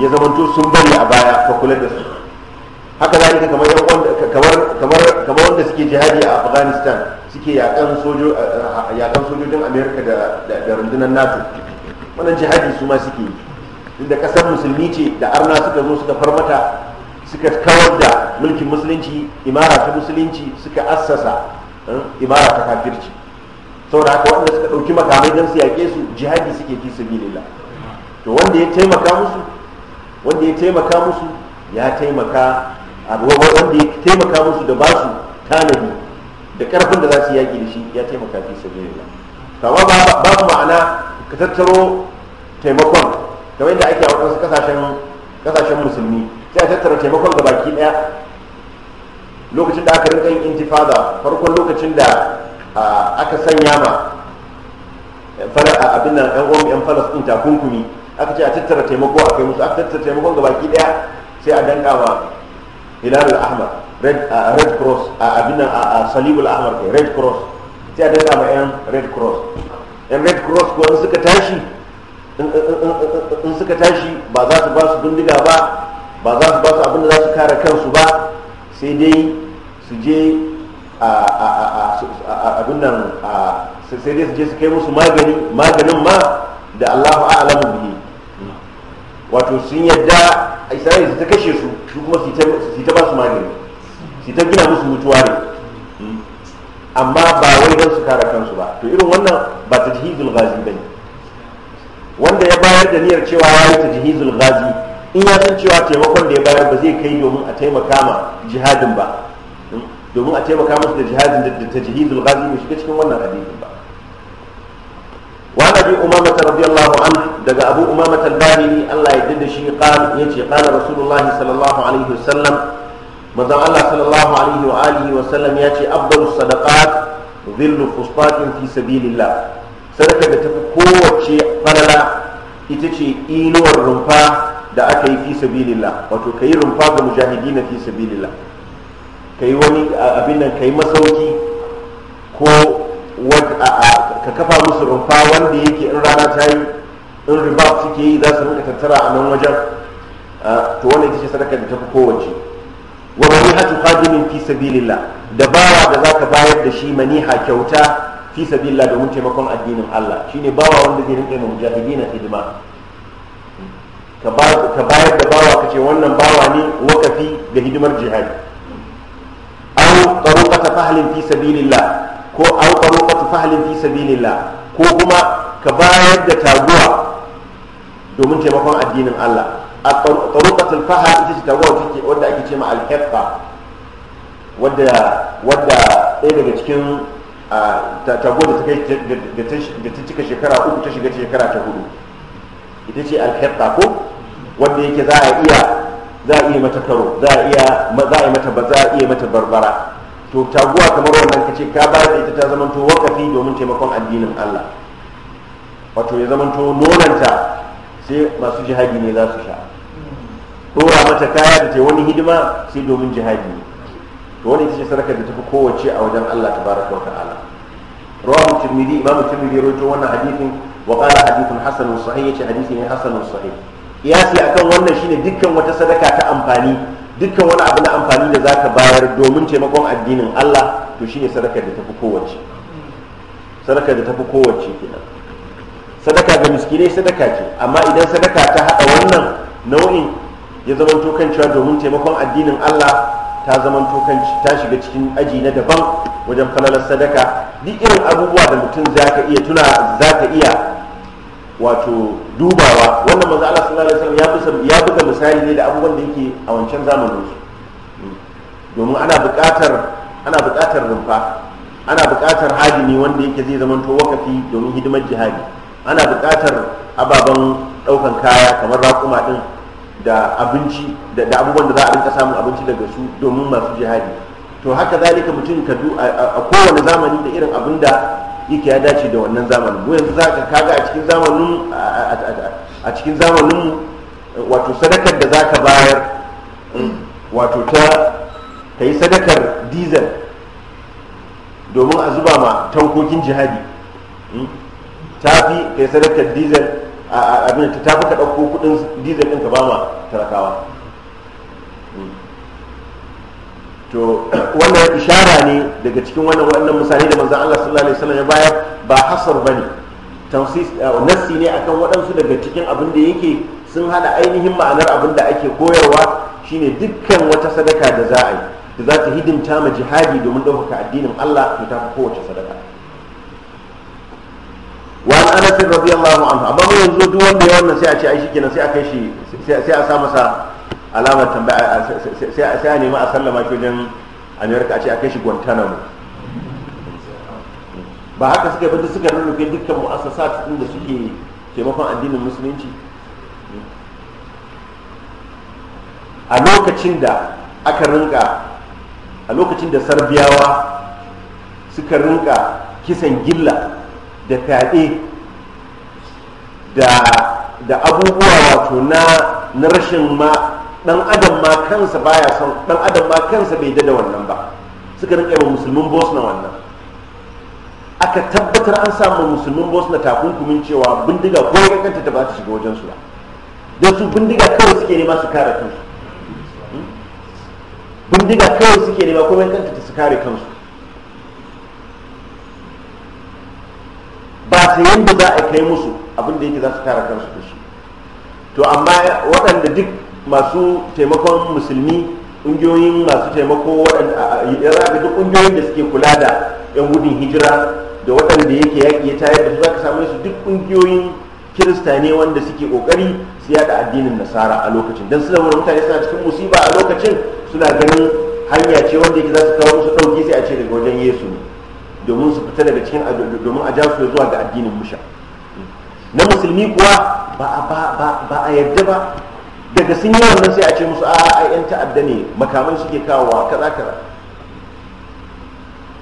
ya zamanto sun bari a baya ka kula da su haka za ka kamar wanda suke jihadi a Afghanistan suke yakan sojojin Amerika da rundunar NATO wannan jihadi su ma suke yi da kasar musulmi ce da arna suka zo suka farmata suka kawar da mulkin musulunci imara ta musulunci suka assasa eh, imara ta kafirci saboda haka wanda suka ɗauki makamai don su yaƙe su jihadi suke fi sabilillah to wanda ya taimaka musu wanda ya taimaka musu ya taimaka wanda ya taimaka musu da ba su tanadi da ƙarfin da za su yaƙi da shi ya taimaka fi sabilillah kama su ma'ana ka tattaro taimakon kamar yadda ake a wasu kasashen musulmi sai a tattara taimakon ga baki daya lokacin da aka rinƙa yin intifada farkon lokacin da aka sanya ma eh, abin nan yan uwan yan falas din takunkumi aka ce a tattara taimako a kai musu aka tattara taimakon ga baki daya sai a danka ma hilal al-ahmar red red cross abin nan a al-ahmar kai red cross sai a danka ma yan red cross yan red cross ko suka tashi in suka tashi ba za su ba su bindiga ba ba za su ba su abin da za su kare kansu ba sai dai su je abin sai dai su je su kai musu magani maganin ma da allahu a'lamu bihi wato sun yadda isra'ila ta kashe su su kuma su ta ba su magani su ta gina musu mutuwa ne amma ba wai don su kare kansu ba to irin wannan ba ta jihizul gazi ba ne wanda ya bayar da niyyar cewa ya yi ta jihizul gazi in ya san cewa taimakon da ya bayar ba zai kai domin a taimaka ma jihadin ba domin a taimaka musu da jihadin da ta jihi zulgazi mai shiga cikin wannan hadisin ba wa nabi umama radiyallahu anhu daga abu umama al ni Allah ya dinda shi ya ce qala rasulullahi sallallahu alaihi wasallam manzon Allah sallallahu alaihi wa alihi wasallam yace afdalus sadaqat dhillu fusfatin fi sabilillah sadaka da tafi kowace farala ita ce inuwar rumfa da aka yi fi sabilillah wato kai rumfa ga mujahidina fi sabilillah kai wani abin nan kai masauki ko ka kafa musu rumfa wanda yake in rana ta yi in riba suke yi za su rinka tattara a nan wajen to wannan ita ce sadaka da ta fi kowace wa manihatu khadimin fi sabilillah da bawa da zaka bayar da shi maniha kyauta fi sabilillah domin taimakon addinin Allah shine bawa wanda zai rinka ma mujahidina hidima ka bayar da bawa ka ce wannan bawa ne wakafi ga hidimar jihadi an qaraqata fahlin fi sabilillah ko an qaraqata fahlin fi sabilillah ko kuma ka bayar da taguwa domin taimakon addinin Allah a qaraqatul fahal ita ce taguwa take wanda ake ce ma al wadda wanda wanda ɗaya daga cikin taguwa da ta kai da ta cika shekara uku ta shiga shekara ta hudu ita ce al ko wanda yake za a iya za a iya mata karo za a iya za a mata za a iya mata barbara to taguwa kamar wannan kace ka ba da ita ta zama to wakafi domin taimakon addinin Allah wato ya zama to nonanta sai masu jihadi ne za su sha dora mata kaya da ta wani hidima sai domin jihadi ne to wani tace sarka da tafi kowace a wajen Allah tabaraka wa ta'ala rawu tirmidhi imamu tirmidhi rawaito wannan hadithin wa qala hadithun hasanun sahih yace hadisi ne hasanun sahih kiyasi akan wannan shine dukkan wata sadaka ta amfani dukkan wani abu na amfani da zaka bayar domin taimakon addinin Allah to shine sadaka da tafi kowace sadaka da tafi kowace kenan sadaka ga miskinai sadaka ce amma idan sadaka ta hada wannan nau'in ya zamanto kan cewa domin taimakon addinin Allah ta zamanto kan ta shiga cikin aji na daban wajen falalar sadaka duk irin abubuwa da mutum zaka iya tuna zaka iya wato dubawa wannan manzo Allah sallallahu alaihi wasallam ya buga misali ne da abubuwan da yake a wancan zamanin su domin ana buƙatar ana buƙatar rumfa ana buƙatar hadimi wanda yake zai zama to wakafi domin hidimar jihadi ana buƙatar ababen ɗaukan kaya kamar raƙuma ɗin da abinci da abubuwan da za a rinka samun abinci daga su domin masu jihadi to haka zalika mutum ka a kowane zamani da irin abin da yake ya dace da wannan zamanin mu yanzu za ka kaga a cikin zamanin a cikin zamanin wato sadakar da za ka bayar wato ta ka yi sadakar diesel domin a zuba ma tankokin jihadi ta fi ka yi sadakar diesel abin ta tafi ka ɗauko kuɗin diesel ɗin ka ba ma talakawa to wannan ishara ne daga cikin wannan wannan misali da manzon Allah sallallahu alaihi wasallam ya bayar ba hasar bane tawsis uh, nassi ne akan waɗansu daga cikin abin da yake sun hada ainihin ma'anar abin da ake koyarwa shine dukkan wata sadaka da za a yi da za ta hidimta ma jihadi domin ɗaukaka addinin Allah to ta fi kowace sadaka wa an anas radiyallahu anhu amma mu yanzu duk wanda ya wannan sai a ce ai shikenan sai a kai shi sai a sa masa alamar tambaya sai a nemi a sallama shi wajen amerika a ce a kai shi guantanamo ba haka suka yi suka rarrufe dukkan mu'assasa cikin da suke taimakon addinin musulunci a lokacin da aka rinka a lokacin da sarbiyawa suka rinka kisan gilla da fyaɗe da abubuwa wato na rashin ma dan adam ma kansa baya son dan adam ma kansa bai da wannan ba suka rinka yi musulmin bosna wannan aka tabbatar an samu musulmin bosna takunkumin cewa bindiga ko ya kanta ta ba ta shiga wajen su ba don su bindiga kawai suke nema su kare kansu bindiga kawai suke nema ko ya kanta ta su kare kansu ba ta yadda za a kai musu abin da yake za su kare kansu da shi to amma waɗanda duk masu taimakon musulmi ƙungiyoyin masu taimako waɗanda a da duk ƙungiyoyin da suke kula da 'yan gudun hijira da waɗanda yake yaƙi ya tayar da su za ka samu su duk ƙungiyoyin kirista ne wanda suke ƙoƙari su yaɗa addinin nasara a lokacin don suna wani mutane suna cikin musiba a lokacin suna ganin hanya ce wanda yake za su kawo musu ɗauki sai a ce daga wajen yesu ne domin su fita daga cikin domin a ja zuwa ga addinin musha na musulmi kuwa ba a yarda ba daga sun yi wannan sai a ce musu a yan ta'adda ne makamai suke kawowa kaza kaza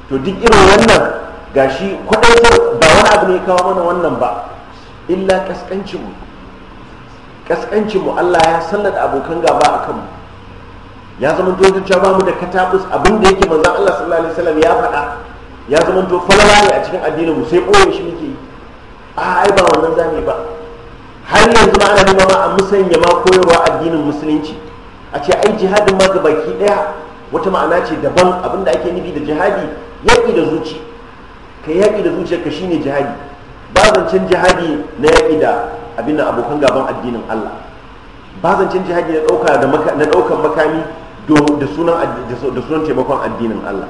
to duk irin wannan gashi kwadaito ba wani abu ne kawo mana wannan ba illa kaskancin mu kaskancin Allah ya sallata abokan gaba a kanmu ya zama to cewa ba mu da katabus abin da yake manzon Allah sallallahu ya faɗa ya zama to falala ne a cikin addinin mu sai koyo shi muke yi a ai ba wannan zamu ba har yanzu ma ana nema a musanya ma koyarwa addinin musulunci a ce ai jihadin ma baki daya wata ma'ana ce daban abinda ake nufi da jihadi yaƙi da zuci ka yaƙi da ka shine jihadi ba zancen jihadi na yaƙi da abin abokan gaban addinin Allah ba zancen jihadi na ɗauka da na ɗaukan makami da sunan da sunan taimakon addinin Allah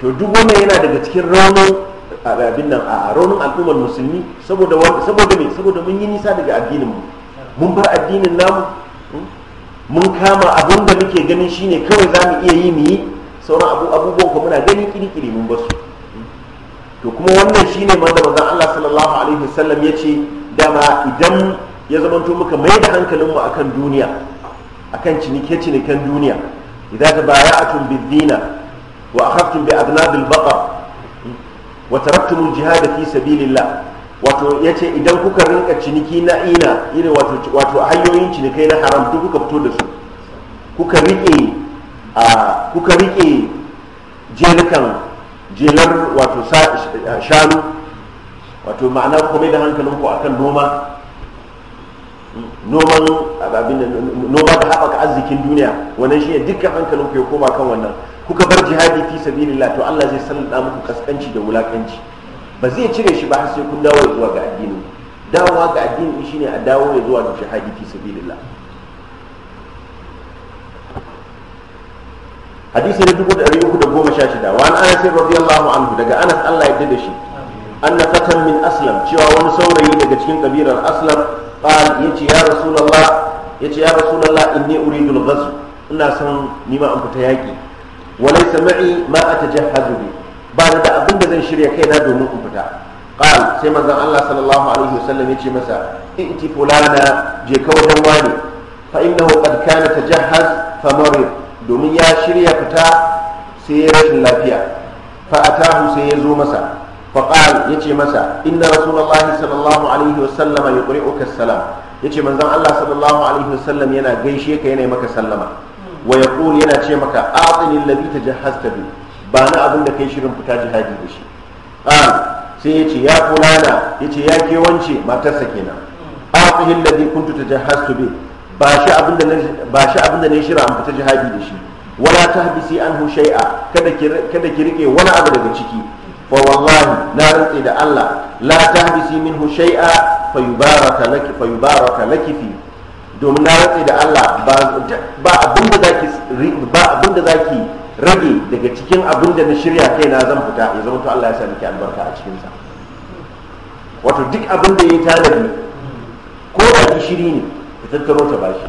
to duk wannan yana daga cikin raunin abin nan a raunin al'ummar musulmi saboda saboda ne saboda mun yi nisa daga addinin mu mun bar addinin namu hmm? mun kama abin da muke ganin shine kawai za mu iya yi mu yi sauran abubuwan ko muna gani kirikiri mun basu to kuma wannan shine manzo da mazan Allah sallallahu alaihi wasallam yace dama idan ya zamanto muka mai da hankalin mu akan duniya akan cinike cinikan duniya idza tabaya'tum bid-dina wa akhadtum bi adnab al-baqar wa taraktumul jihad fi sabilillah wato yace idan kuka rinka ciniki na ina irin wato wato hanyoyin cinikai na haram duk kuka fito da su kuka rike a kuka rike jelar wato shanu wato ma'ana kuka mai da hankalinku akan noma noman abin noma da haɓaka arzikin duniya wannan shi ne dukkan hankalinku ya koma kan wannan kuka bar jihadi fi sabilillah to Allah zai sallada muku kaskanci da wulakanci ba zai cire shi ba har sai kun dawo zuwa ga addini dawowa ga addini shine a dawo ya zuwa ga jihadi fi sabilillah hadisi na dubu da ɗari uku da goma sha shida wa an anas radiyallahu anhu daga anas Allah ya da shi anna fatan min aslam cewa wani saurayi daga cikin kabilar aslam qal yace ya rasulullah yace ya rasulullah inni uridul ghazw ina son nima an fita yaki walai ma'i ma atajahhazu bi ba da abin da zan shirya kaina domin in fita qal sai manzon Allah sallallahu alaihi wasallam ya ce masa inti fulana je ka wajen wani fa innahu qad kana tajahhaz fa marid domin ya shirya fita sai ya rashin lafiya fa atahu sai ya zo masa فقال يجي مسا إن رسول الله صلى الله عليه وسلم يقرئك السلام يجي من الله صلى الله عليه yana gaishe ka ينا maka سلمه wa yaqul yana ce maka atini ta tajahhazta bi ba na abin da kai shirin fita jihadi da shi qal sai yace ya yace ya ke wance matarsa kenan atini alladhi kuntu tajahhaztu bi ba shi abin da na shi abin da fita jihadi da shi wala tahbisi anhu an kada ki kada ki rike wani abu daga ciki fa wallahi na rantsi da Allah la min minhu shay'a fayubaraka laki fayubaraka laki fi domin na rantse da Allah ba abinda da zaki ba abin da zaki rage daga cikin abin da na shirya kai na zan fita ya zama to Allah ya sa miki albarka a cikin sa wato duk abinda da ya tanadi ko da shiri ne ta tattaro ta bashi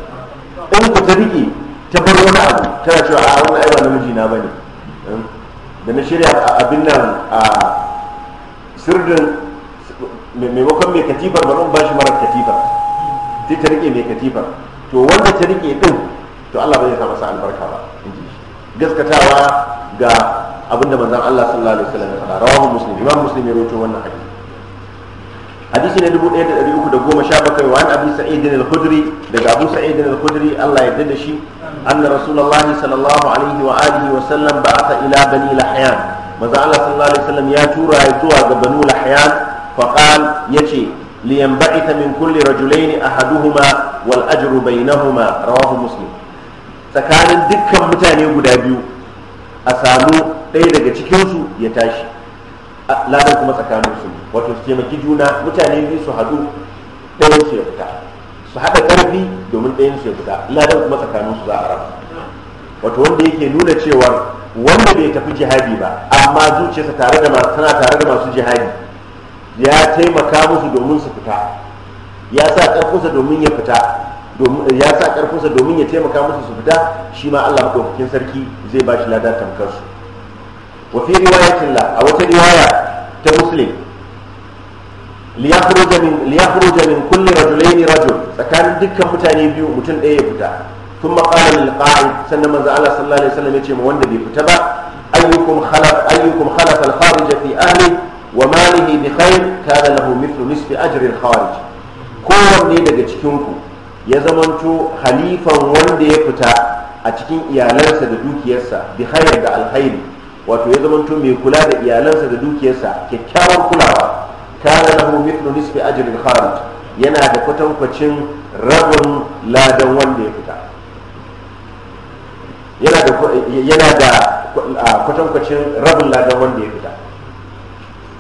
in ku ta rike ta bar wani abu tana cewa a wani aiwa namiji na bane hmm? da na shirya abin nan a sirrin maimakon mai katifar ba zan bashi mara katifar sai ta rike mai katifa to wanda ta rike din to Allah bai sa masa albarka ba gaskatawa ga abinda manzon Allah sallallahu alaihi wasallam ya faɗa rawahu muslim imam muslim ya rawaito wannan hadisi hadisi ne 1317 wa an abi sa'id al-khudri daga abu sa'id al-khudri Allah ya yarda da shi anna rasulullahi sallallahu alaihi wa alihi wa sallam ba'atha ila bani lahyan manzon Allah sallallahu alaihi wasallam ya tura ya zuwa ga banu lahyan fa qala yace لينبعث من كل رجلين أحدهما والأجر بينهما رواه مسلم tsakanin dukkan mutane guda biyu a samu ɗaya daga cikinsu ya tashi ladan kuma tsakaninsu wato su taimaki juna mutane biyu su haɗu ɗayansu ya fita su haɗa ƙarfi domin ɗayansu ya fita ladan kuma tsakaninsu za raba wato wanda yake nuna cewar wanda bai tafi jihadi ba amma zuciyarsa tana tare da masu jihadi ya taimaka musu domin su fita ya sa ƙarfinsa domin ya fita ya sa domin ya taimaka musu su fita shi ma Allah maɗaukakin sarki zai ba shi lada tamkarsu wa fi riwayatin la a wata riwaya ta muslim liyakhruja min liyakhruja rajulai ne rajul tsakanin dukkan mutane biyu mutum ɗaya ya fita tun qala lil qa'id sannan manzo Allah sallallahu alaihi wasallam ya ce ma wanda bai fita ba ayyukum khalaf ayyukum khalaf al kharij fi ahli wa malihi bi khair kana lahu mithlu nisfi ajri al-kharij kowanne daga cikin ku ya zamanto khalifan wanda ya fita a cikin iyalansa da dukiyarsa bi khair da alkhairi wato ya zamanto mai kula da iyalansa da dukiyarsa kyakkyawar kulawa kana lahu mithlu nisfi ajri al-kharij yana da kwatankwacin rabin ladan wanda ya fita yana da kwatankwacin rabin ladan wanda ya fita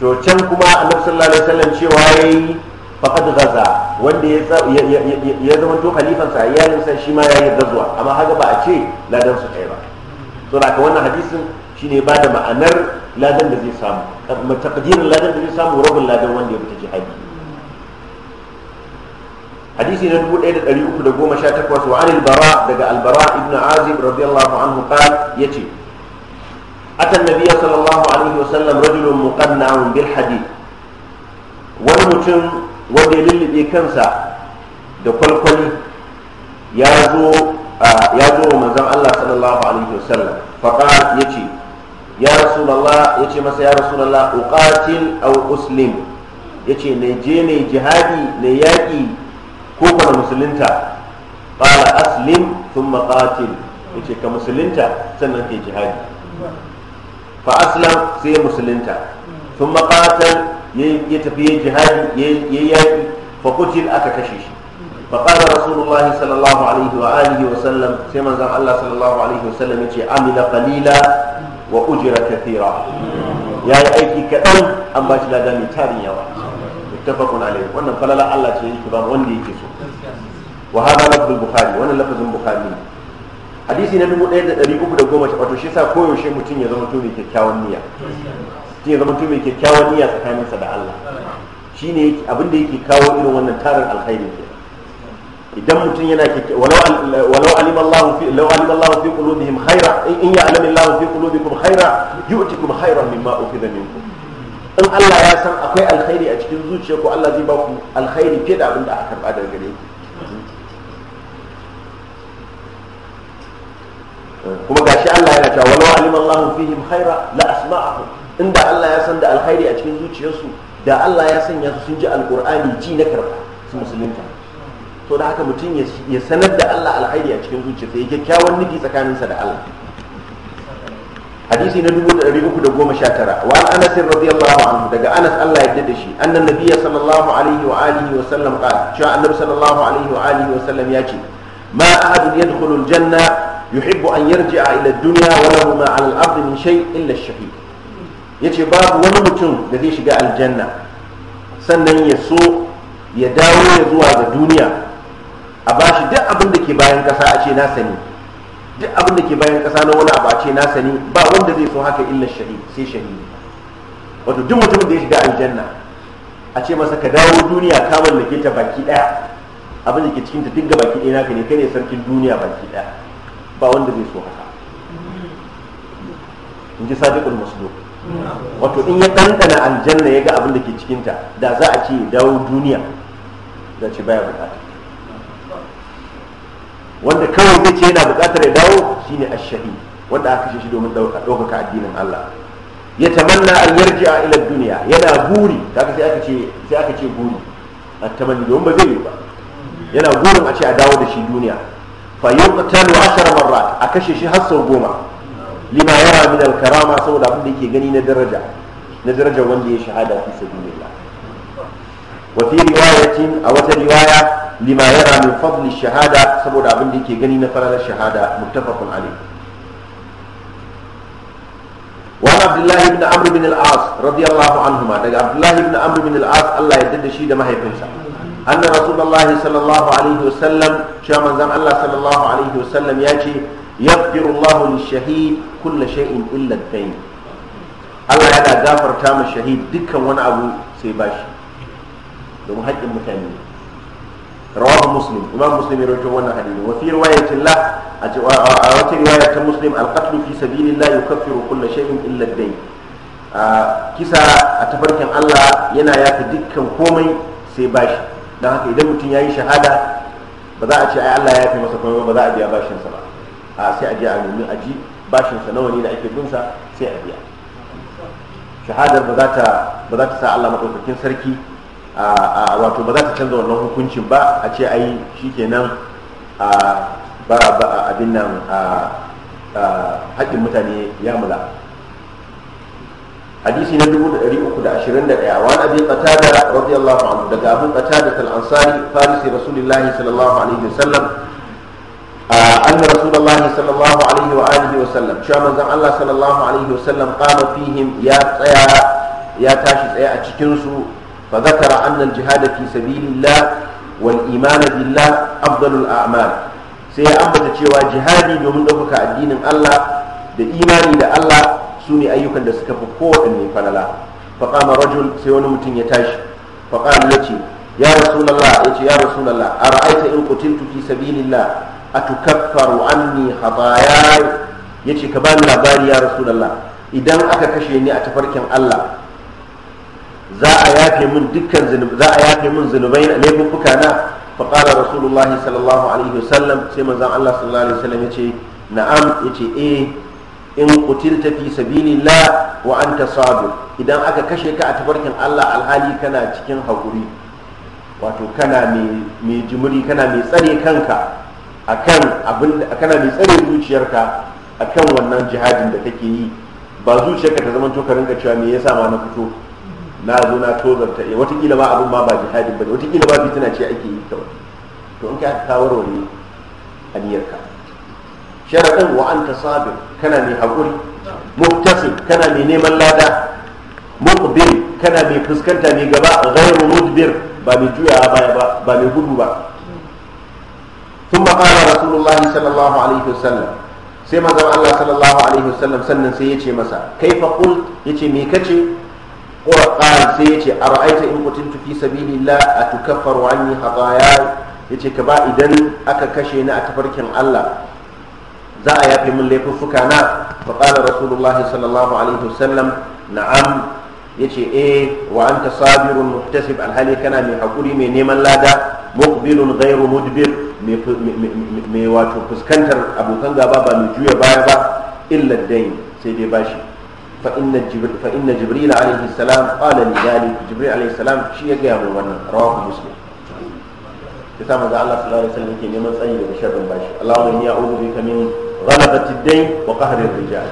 to can kuma annabi sallallahu alaihi wasallam cewa yayi faqad gaza wanda ya zama to khalifan sa iyalin sa shi ma yayi gazuwa amma haka ba a ce ladan su kai ba to da wannan hadisin shine ba da ma'anar ladan da zai samu taqdirin ladan da zai samu rabin ladan wanda ya fita jihadi حديث ندبو إلى الأليوك دقوم شاتك وسوى عن البراء دقى البراء ابن عازب رضي الله عنه قال يتي أتى النبي صلى الله عليه وسلم رجل مقنع بالحديد ونمتن ودليل بكنسة دقل قل يازو يازو مزام الله صلى الله عليه وسلم فقال يتي يا رسول الله يتي مسا يا رسول الله أقاتل أو أسلم يتي نجيني جهادي نياكي كوكا مسلمتا قال أسلم ثم قاتل يتي كمسلمتا سنة جهادي fa aslam sai musulunta sun maƙatar ya tafi ya jihadi ya yaƙi fa kutil aka kashe shi fa ƙara rasulullahi sallallahu alaihi wa alihi wa sallam sai manzon Allah sallallahu alaihi wa sallam ya ce amila wa ujira kathira ya yi aiki kaɗan an ba shi lada mai tarin yawa muttafaqun alaihi wannan Allah ce yake ba wanda yake so wa hada wannan lafzin bukhari ne hadisi na dubu ɗaya da ɗari uku da goma wato shi sa koyaushe mutum ya zama mai kyakkyawan niyya mutum ya zama mai kyakkyawan niyya tsakaninsa da Allah shi ne abin da yake kawo irin wannan tarin alkhairi ke idan mutum yana walau alim Allah fi law alim Allah fi qulubihim khaira in ya alim Allah fi qulubikum khaira yu'tikum khairan mimma ukhidha minkum in Allah ya san akwai alkhairi a cikin zuciyarku Allah zai ba ku alkhairi fiye da abin da aka karba daga gare ku kuma gashi Allah yana cewa walau alim Allahu fihim khaira la asma'ahum inda Allah ya san da alkhairi a cikin zuciyarsu da Allah ya sanya su sun ji alqur'ani ji na karba su musulunta to da haka mutum ya sanar da Allah alkhairi a cikin zuciyarsa ya kyakkyawan nufi tsakaninsa da Allah hadisi na 319 wa anas radiyallahu anhu daga anas Allah ya yarda shi annan nabi sallallahu alaihi wa alihi wa sallam qala cewa annabi sallallahu alaihi wa alihi wa sallam ya ce ma ahadun yadkhulu aljanna yuhibbu an yarji'a ila dunya wa lahu ma 'ala al-ardi min shay illa ash-shahid yace babu wani mutum da zai shiga aljanna sannan ya so ya dawo ya zuwa ga duniya a bashi duk abin da ke bayan kasa a ce na sani duk abin da ke bayan kasa na wani abu a ce na sani ba wanda zai so haka illa shahid sai shahid wato duk mutumin da ya shiga aljanna a ce masa ka dawo duniya ka mallake ta baki daya abin da ke cikin ta duk baki daya naka ne kai ne sarkin duniya baki daya ba wanda zai so haka in ji sadiqul masduq wato in ya ɗanɗana aljanna ya ga abin da ke cikinta da za a ce dawo duniya da ce baya bukata wanda kawai zai ce yana bukatar ya dawo shine ashadi wanda aka kashe shi domin ɗaukaka addinin Allah ya tamanna an yarji a ilar duniya yana guri, kaga sai aka ce sai aka ce guri. a tamanni domin ba zai yi ba yana gurin a ce a dawo da shi duniya fa yuqtalu ashara marrat a kashe shi har sau goma lima yara min al-karama saboda abin da yake gani na daraja wanda ya shahada fi sabilillah wa fi riwayatin a wata riwaya lima yara min shahada saboda abin da yake gani na falalar shahada muttafaqun alayh وعن عبد الله بن عمرو بن العاص رضي الله عنهما عبد الله بن عمرو بن العاص الله يدد شيء ما هي hannan rasulullahi sallallahu alaihi wasallam Allah sallallahu alaihi wasallam ya ce yaghfiru Allahu lish-shahid kullu shay'in illa ad-dayn Allah yana gafarta ma shahid wani abu sai bashi domin haƙƙin mutane rawahu muslim imam muslim ya rawaito wannan hadisi wa fi riwayatin la a wata riwaya ta muslim al-qatlu fi sabilillah yukaffiru kullu shay'in illa ad-dayn kisa a tafarkin Allah yana yafi dukkan komai sai bashi don haka idan mutum ya yi shahada ba za a ce ai Allah ya fi masa kuma ba za a biya bashinsa ba a sai a je a nemi a ji bashinsa nawa ne da ake binsa sai a biya shahadar ba za ta sa Allah madaukakin sarki a wato ba za ta canza wannan hukuncin ba a ce ai shikenan a ba abin nan a haƙƙin mutane ya mula hadisi na 321 wa abi qatada radiyallahu anhu daga abu qatada al-ansari farisi rasulullahi sallallahu alaihi wasallam أن رسول الله صلى الله عليه وآله وسلم شام زم الله صلى الله عليه وسلم قام فيهم يا يا يا تاشي يا أتشكنسو فذكر أن الجهاد في سبيل الله والإيمان بالله أفضل الأعمال sai ya ambata cewa jihadi domin ɗaukaka addinin Allah da imani da Allah su ne ayyukan da suka fi kowaɗanne falala faƙama rajul sai wani mutum ya tashi faƙama ya ce ya rasulallah ya ce ya rasulallah a ra'aita in kutiltu fi sabilillah a tukaffaru anni khataya ya ce ka ba ni labari ya rasulallah idan aka kashe ni a tafarkin Allah za a yafe min dukkan za a yafe min zunubai na laifuffuka na faƙara rasulullah sallallahu alaihi wasallam sai manzon Allah sallallahu alaihi wasallam ya ce na'am ya ce eh in qutilta fi sabilillah wa anta sabir idan aka kashe ka a tabarkin Allah alhali kana cikin hakuri wato kana mai jimiri kana mai tsare kanka akan abin kana mai tsare zuciyarka akan wannan jihadin da kake yi ba zuciyarka ta zama ka rinka cewa me yasa ma na fito na zo na tozarta eh kila ba abin ma ba jihadin bane kila ba fitina ce ake yi kawai to in ka kawarware aniyarka sharaɗin wa an ta sabir kana mai haƙuri muktasi kana mai neman lada mukbir kana mai fuskanta mai gaba ghairu mudbir ba mai juya ba ba mai gudu ba sun makara rasulullah sallallahu alaihi wasallam sai manzon Allah sallallahu alaihi wasallam sannan sai ya ce masa kai fa qul yace me kace qur'an sai yace ara'aita in qutintu fi sabilillah atukaffaru anni hadaya yace ka ba idan aka kashe ni a tafarkin Allah za a yafe min laifuffuka na fa qala sallallahu alaihi wasallam na'am ya ce eh wa anta sabirun muhtasib alhali kana mai haƙuri mai neman lada muqbilun ghairu mudbir mai wato fuskantar abokan gaba ba mai juya baya ba illa dain sai dai bashi fa inna jibril fa inna jibril alaihi salam qala li dalik jibril alaihi salam shi ya gaya min wannan rawahu muslim ya maza Allah sallallahu alaihi wasallam yake neman tsayi daga sharrin bashi Allahumma inni a'udhu bika min غلبة الدين وقهر الرجال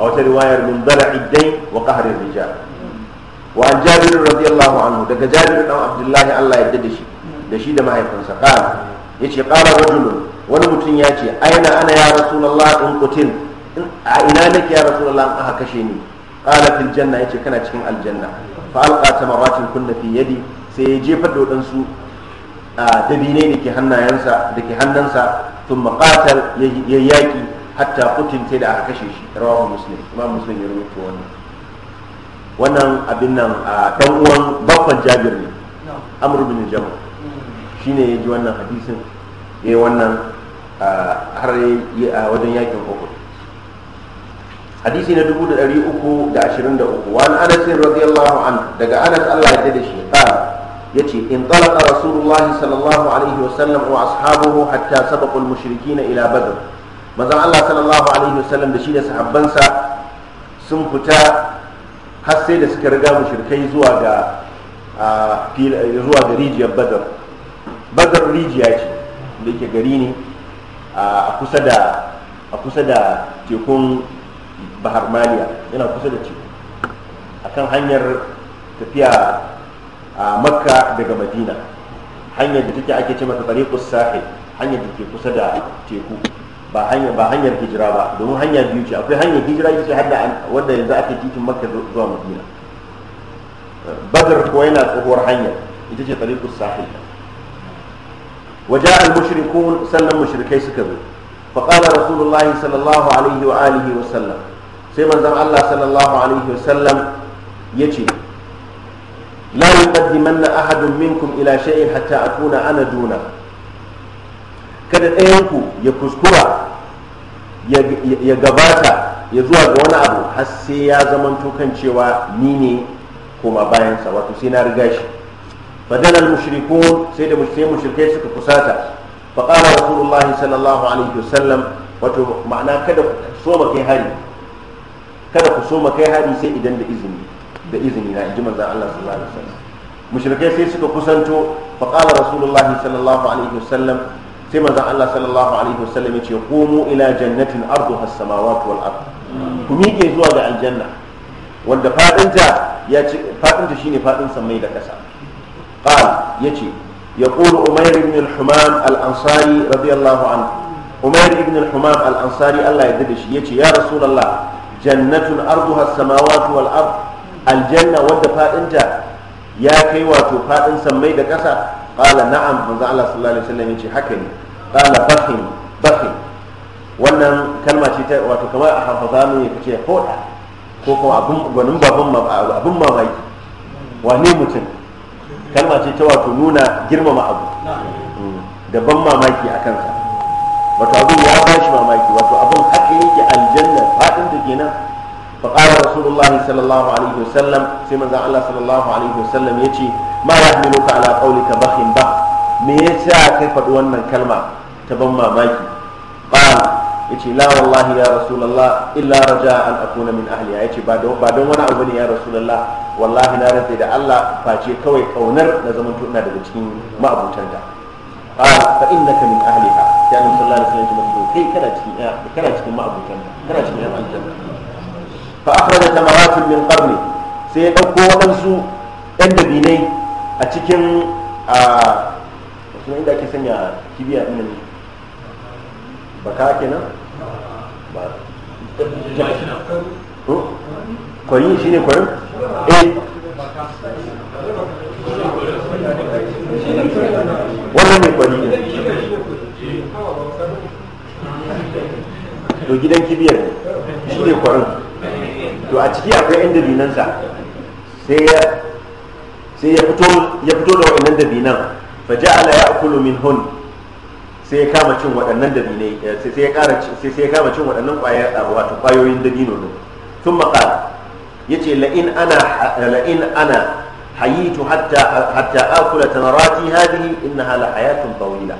أو رواية من ضلع الدين وقهر الرجال وعن جابر رضي الله عنه دك جابر بن عبد الله الله يددش دشي دما يفنس قال يشي قال رجل ونمتن ياتي أين أنا يا رسول الله إن قتل أين لك يا رسول الله أن أهكشيني قال في الجنة يشي كان تشكين الجنة فألقى تمرات كن في يدي سيجيب الدودنسو آه دبيني لكي هنا ينسى لكي هننسى Tun muƙatar ya yaƙi hatta kutin sai da aka kashe shi. Yarabawa Musulmi, kuma Wannan abin nan, ban uwan, ban kwana Jabir ne, Amadu na Jummai. Shi yaji wannan hadisin. E wannan har ya wajen yakin ko ku. Hadisi ne dubu da ɗari uku da ashirin da Wa ni anan sayar Daga anan Allah ya ta da shi yace in talaqa rasulullahi sallallahu alaihi wa wasallam wa ashabuhu hatta sabaqa al-mushrikin ila badr manzon Allah sallallahu alaihi wa wasallam da shi da sahabbansa sun fita har sai da suka riga mushrikai zuwa ga zuwa ga rijiyar badr badr rijiya ce da yake gari ne a kusa da a kusa da tekun bahar yana kusa da teku akan hanyar tafiya a makka daga madina hanyar da take ake ce mata tariqus sahil hanyar da ke kusa da teku ba hanyar ba hanyar hijira ba domin hanya biyu ce akwai hanyar hijira ita ce hadda wanda yanzu ake titin makka zuwa madina badar kuwa yana tsohuwar hanya ita ce tariqus sahil وجاء المشركون سلم مشركي سكبوا فقال رسول الله صلى الله عليه وآله وسلم سيما الله صلى الله عليه وسلم يجي la yuqaddimanna ahadun minkum ila sha'in hatta kuna ana duna kada ɗayanku ku ya kuskura ya gabata ya zuwa ga wani abu har sai ya zamanto kan cewa ni ne koma bayansa wato sai na riga shi fadana al-mushrikun sai da mushrikai suka kusata faƙara rasulullahi sallallahu alaihi wasallam wato ma'ana kada ku so kai hari kada ku so kai hari sai idan da izini da izini na inji manzon Allah sallallahu alaihi wasallam mushrikai sai suka kusanto fa qala rasulullah sallallahu alaihi wasallam sai manzon Allah sallallahu alaihi wasallam yace qumu ila jannatin arduha as-samawati wal ard ku miƙe zuwa ga aljanna wanda fadinta ya ce fadinta shine fadin samai da ƙasa qal yace radiyallahu anhu بن الحمام الأنصاري رضي الله عنه أمير بن الحمام الأنصاري الله ya يا رسول الله جنة أرضها السماوات والأرض aljanna wadda fadinta ya kai wato fadin sammai da ƙasa ƙala na'am manzo Allah sallallahu alaihi wasallam yace haka ne ƙala bakhin bakhin wannan kalma ce ta wato kamar a hafaza mu ya kace hoda ko kuma abun gwanin baban abun mamaki wane mutum kalma ce ta wato nuna girmama abu hmm. da ban mamaki a kansa wato abun ya bashi mamaki wato abun haka yake aljanna fadin da kenan فقال رسول الله صلى الله عليه وسلم سيما الله صلى الله عليه وسلم يجي ما يحملك على قولك بخ بخ ميسا كيف دوانا الكلمة تبما ماكي قال يجي لا والله يا رسول الله إلا رجاء أن أكون من أهلها يجي بعدون بعدون وانا أبني يا رسول الله والله نارد إذا الله فاجي كوي كونر لزمن تؤنا دلتين ما أبو تنجا قال فإنك من أهلها يعني صلى الله عليه وسلم كي كانت كانت ما أبو تنجا كانت من أهلها fa akhraja ta min qarni sai ya dauko wadansu yan dabinai a cikin a inda sanya kibiya din wannan ne kwari ne to gidan kibiyar shi ne kwarin to a ciki akwai yan dabinansa sai ya fito da waɗannan dabinan fa ja'ala ya'kulu minhun sai ya kama cin waɗannan dabinai eh, sai ya ƙara sai ya kama cin waɗannan ƙwayar ah, wato ƙwayoyin dabino din sun maƙala yace la'in ana la'in ana hayitu hatta hatta akula tamarati hadhihi innaha la hayatun tawila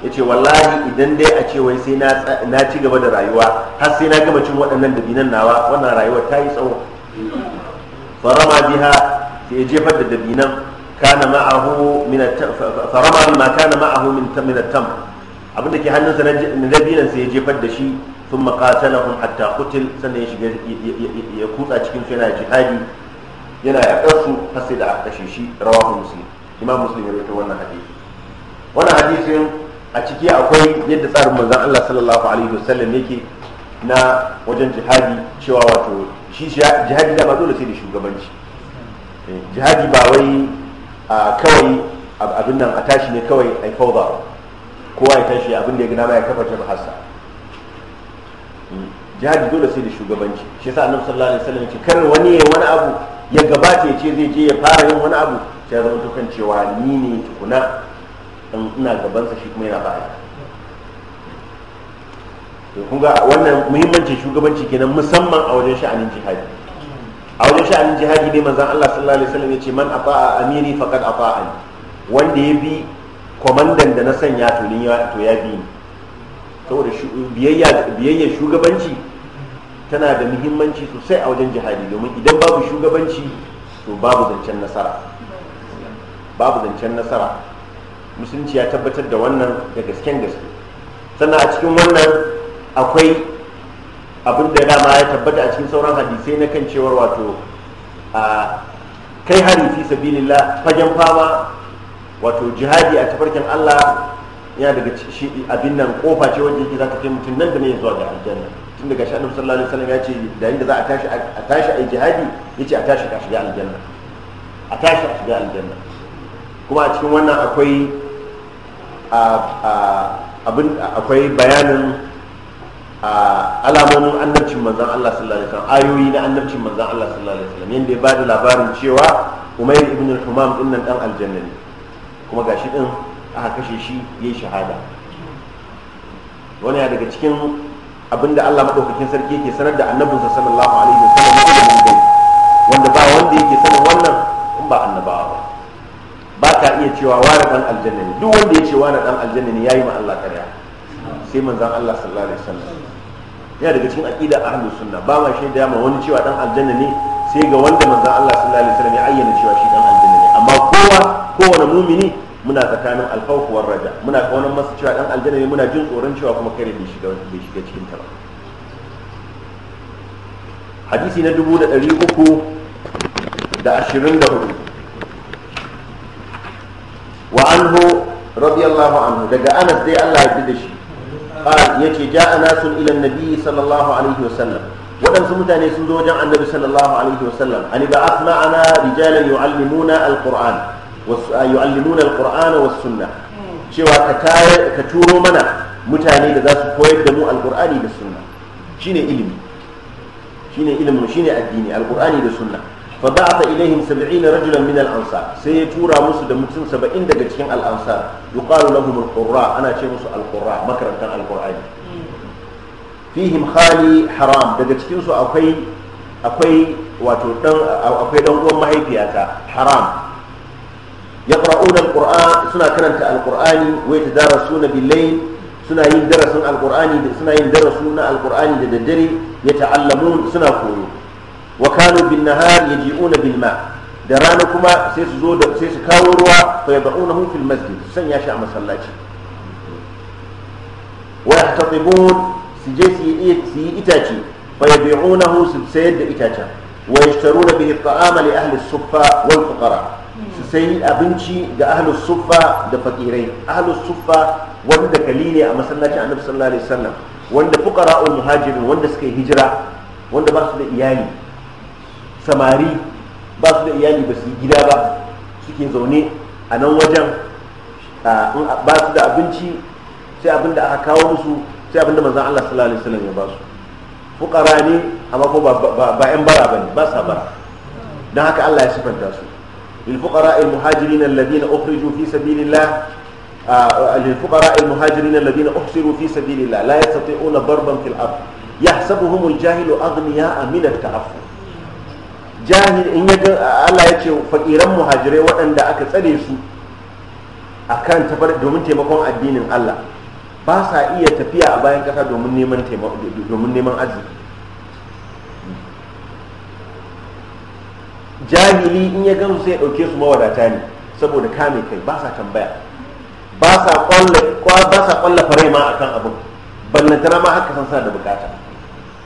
ya ce wallahi idan dai a ce wai sai na ci gaba da rayuwa har sai na gama cin waɗannan dabinan nawa wannan rayuwar ta yi tsawo farama biha sai ya jefar da dabinan kana ma'ahu min farama ma kana ma'ahu min min tam abinda ke hannunsa na dabinan sai ya jefar da shi sun maqatalahum hatta qutil sannan ya shiga ya kutsa cikin su yana jihadi yana yaƙar su har sai da aka kashe shi rawahu muslim imam muslim ya rawaito wannan hadisi wannan hadisin a ciki akwai yadda tsarin manzan Allah sallallahu alaihi wasallam yake na wajen jihadi cewa wato shi jihadi da ba dole sai da shugabanci eh, jihadi ba wai kawai abin nan a tashi ne kawai a fauda kowa a tashi abin da ya gina ya kafa jabhasa hmm, jihadi dole sai da shugabanci shi yasa annabi sallallahu alaihi wasallam ya ce kar wani ya wani abu ya gabata ya ce zai je ya fara yin wani abu sai ya zama tukan cewa ni ne tukuna in ina gabansa shi kuma yana baya to kun wannan muhimmancin shugabanci kenan musamman a wajen sha'anin jihadi a wajen sha'anin jihadi ne manzon Allah sallallahu alaihi wasallam yace man ata'a amiri faqad ata'a wanda ya bi komandan da na sanya to ni to ya bi saboda biyayya biyayya shugabanci tana da muhimmanci sosai a wajen jihadi domin idan babu shugabanci to babu zancen nasara babu zancen nasara musulunci ya tabbatar da wannan da gasken gaske sannan a cikin wannan akwai abin da dama ya tabbata a cikin sauran hadisai na kan cewar wato a kai hari fi sabilillah fagen fama wato jihadi a tafarkin Allah yana daga shi abin nan kofa ce wajen yake za ta kai mutum nan da ne zuwa ga aljanna tun daga shi annabi sallallahu alaihi wasallam ya ce da inda za a tashi a tashi ai jihadi yace a tashi ka shiga aljanna a tashi a shiga aljanna kuma a cikin wannan akwai akwai bayanin alamomin annabcin manzan Allah sallallahu alaihi wasallam ayoyi na annabcin manzan Allah sallallahu alaihi wasallam yanda ya ba da labarin cewa Umayr ibn al-Humam din nan dan aljanna ne kuma gashi din aka kashe shi yayi shahada wani daga cikin abinda Allah madaukakin sarki yake sanar da annabinsa sallallahu alaihi wasallam wanda ba wanda yake sanin wannan in ba annabawa ba ba ka iya cewa wani dan aljanna ne duk wanda ya ce wani dan aljanna ne yayi ma Allah karya sai manzon Allah sallallahu alaihi wasallam ya daga cikin aqida ahli sunna ba ma shi da ma wani cewa dan aljanna ne sai ga wanda manzon Allah sallallahu alaihi wasallam ya ayyana cewa shi dan aljanna ne amma kowa kowane mumini muna tsakanin alkhawf war raja muna kaunan masa cewa dan aljanna ne muna jin tsoron cewa kuma kare bai shiga bai shiga cikin ta ba hadisi na 300 da 24 wa anhu radiyallahu anhu daga anas dai Allah ya da shi qal yace ja'a nasun ila nabi sallallahu alaihi sallam waɗansu mutane sun zo wajen annabi sallallahu alaihi wasallam an ba asma'ana rijalan yu'allimuna alquran yu'allimuna alqur'ana was sunna cewa ka turo mana mutane da za su koyar da mu alqur'ani da sunna shine ilimi shine ilimi shine addini alqur'ani da sunna fa ba'atha ilaihim 70 rajulan min al sai ya tura musu da mutum saba'in daga cikin al-ansar yuqalu lahum al ana ce musu al-qurra makarantan al-qur'ani fihim khali haram daga cikin su akwai akwai wato dan akwai dan uwan mahaifiyata haram يقرؤون القرآن سنة كرنت القرآن ويتدارسون بالليل سنة يدرسون القرآن سنة يدرسون القرآن للدري يتعلمون سنة كورو wa kanu bin nahar yaji'una bil ma da rana kuma sai su zo da sai su kawo ruwa fa yad'unahu fil masjid sanya shi a masallaci wa yahtatibun su je su yi itace fa yabi'unahu su sayar da itacen wa yashtaruna bihi ta'ama li ahli suffa wal fuqara su sayi abinci ga ahli suffa da fakirai ahli suffa wanda kali ne a masallacin annabi sallallahu alaihi wasallam wanda fuqara ul muhajirin wanda suka yi hijira wanda ba su da iyali samari ba su da iyali ba su yi gida ba suke zaune a nan wajen ba su da abinci sai abin da aka kawo musu sai abin da manzan Allah sallallahu alaihi wasallam ya ba su fukara ne amma ko ba 'yan bara ba ne ba sa bara don haka Allah ya sifanta su للفقراء المهاجرين الذين أخرجوا في سبيل الله للفقراء المهاجرين الذين fi في سبيل الله لا يستطيعون ضربا في الأرض يحسبهم الجاهل أغنياء من التعفف jahil in ya ga Allah ya ce fakiran muhajirai waɗanda aka tsare su kan tabar domin taimakon addinin Allah ba sa iya tafiya a bayan ƙasa domin neman domin neman arziki jahili in ya gamsu sai ya ɗauke su mawadata ne saboda kame kai ba sa tambaya ba sa kwalla fare ma kan abin ballantana ma haka san sa da bukata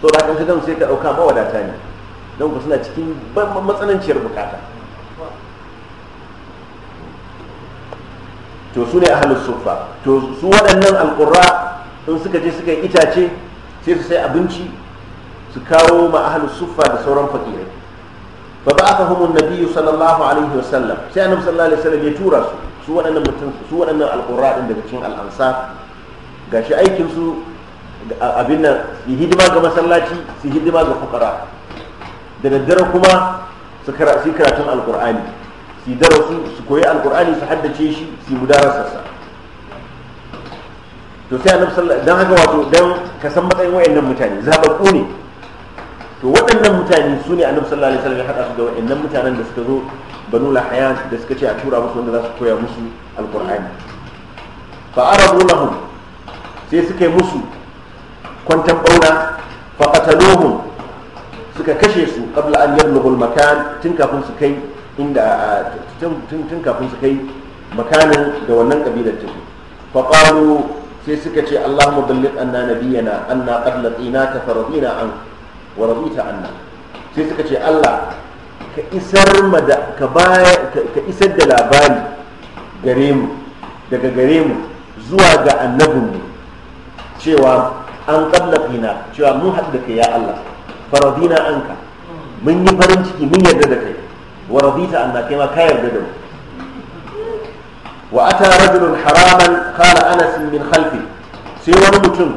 to da kan sai ka ɗauka mawadata ne don ku suna cikin matsananciyar bukata to su ne ahalus sufa to su waɗannan alƙura in suka je suka yi itace sai su sai abinci su kawo ma ahalus sufa da sauran fakirai fa ba'athahum an-nabiy sallallahu alaihi wasallam sai annabi sallallahu alaihi wasallam ya tura su su waɗannan mutum su waɗannan alƙura ɗin daga cikin al'ansa gashi shi aikinsu, abin nan su hidima ga masallaci su hidima ga fukara da daddare kuma su karatun alkur'ani su darasu su koyi alkur'ani su haddace shi su sassa to sai annabi sallallahu dan haka wato dan ka san matsayin wayannan mutane zababbu ne to waɗannan mutane su ne annabi sallallahu alaihi wasallam ya hada su da wayannan mutanen da suka zo banu lahayan da suka ce a tura musu wanda za su koya musu alkur'ani fa arabu lahum sai suka yi musu kwantan bauna fa qataluhum suka kashe su kabla an yar al-makan tun kafin su kai inda tun kafin su kai makanin da wannan kabilar ta fa qalu sai suka ce Allahumma balligh anna nabiyyana anna qad ka faradina an wa radita anna sai suka ce Allah ka isar ma da ka baya ka isar da labari gare mu daga gare mu zuwa ga annabinmu cewa an qad laqina cewa mun haɗu da kai ya Allah faradina anka mun yi farin ciki mun yarda da kai wa radita anna kai ma ka yarda da mu wa ata rajulun haraman qala anas min khalfi sai wani mutum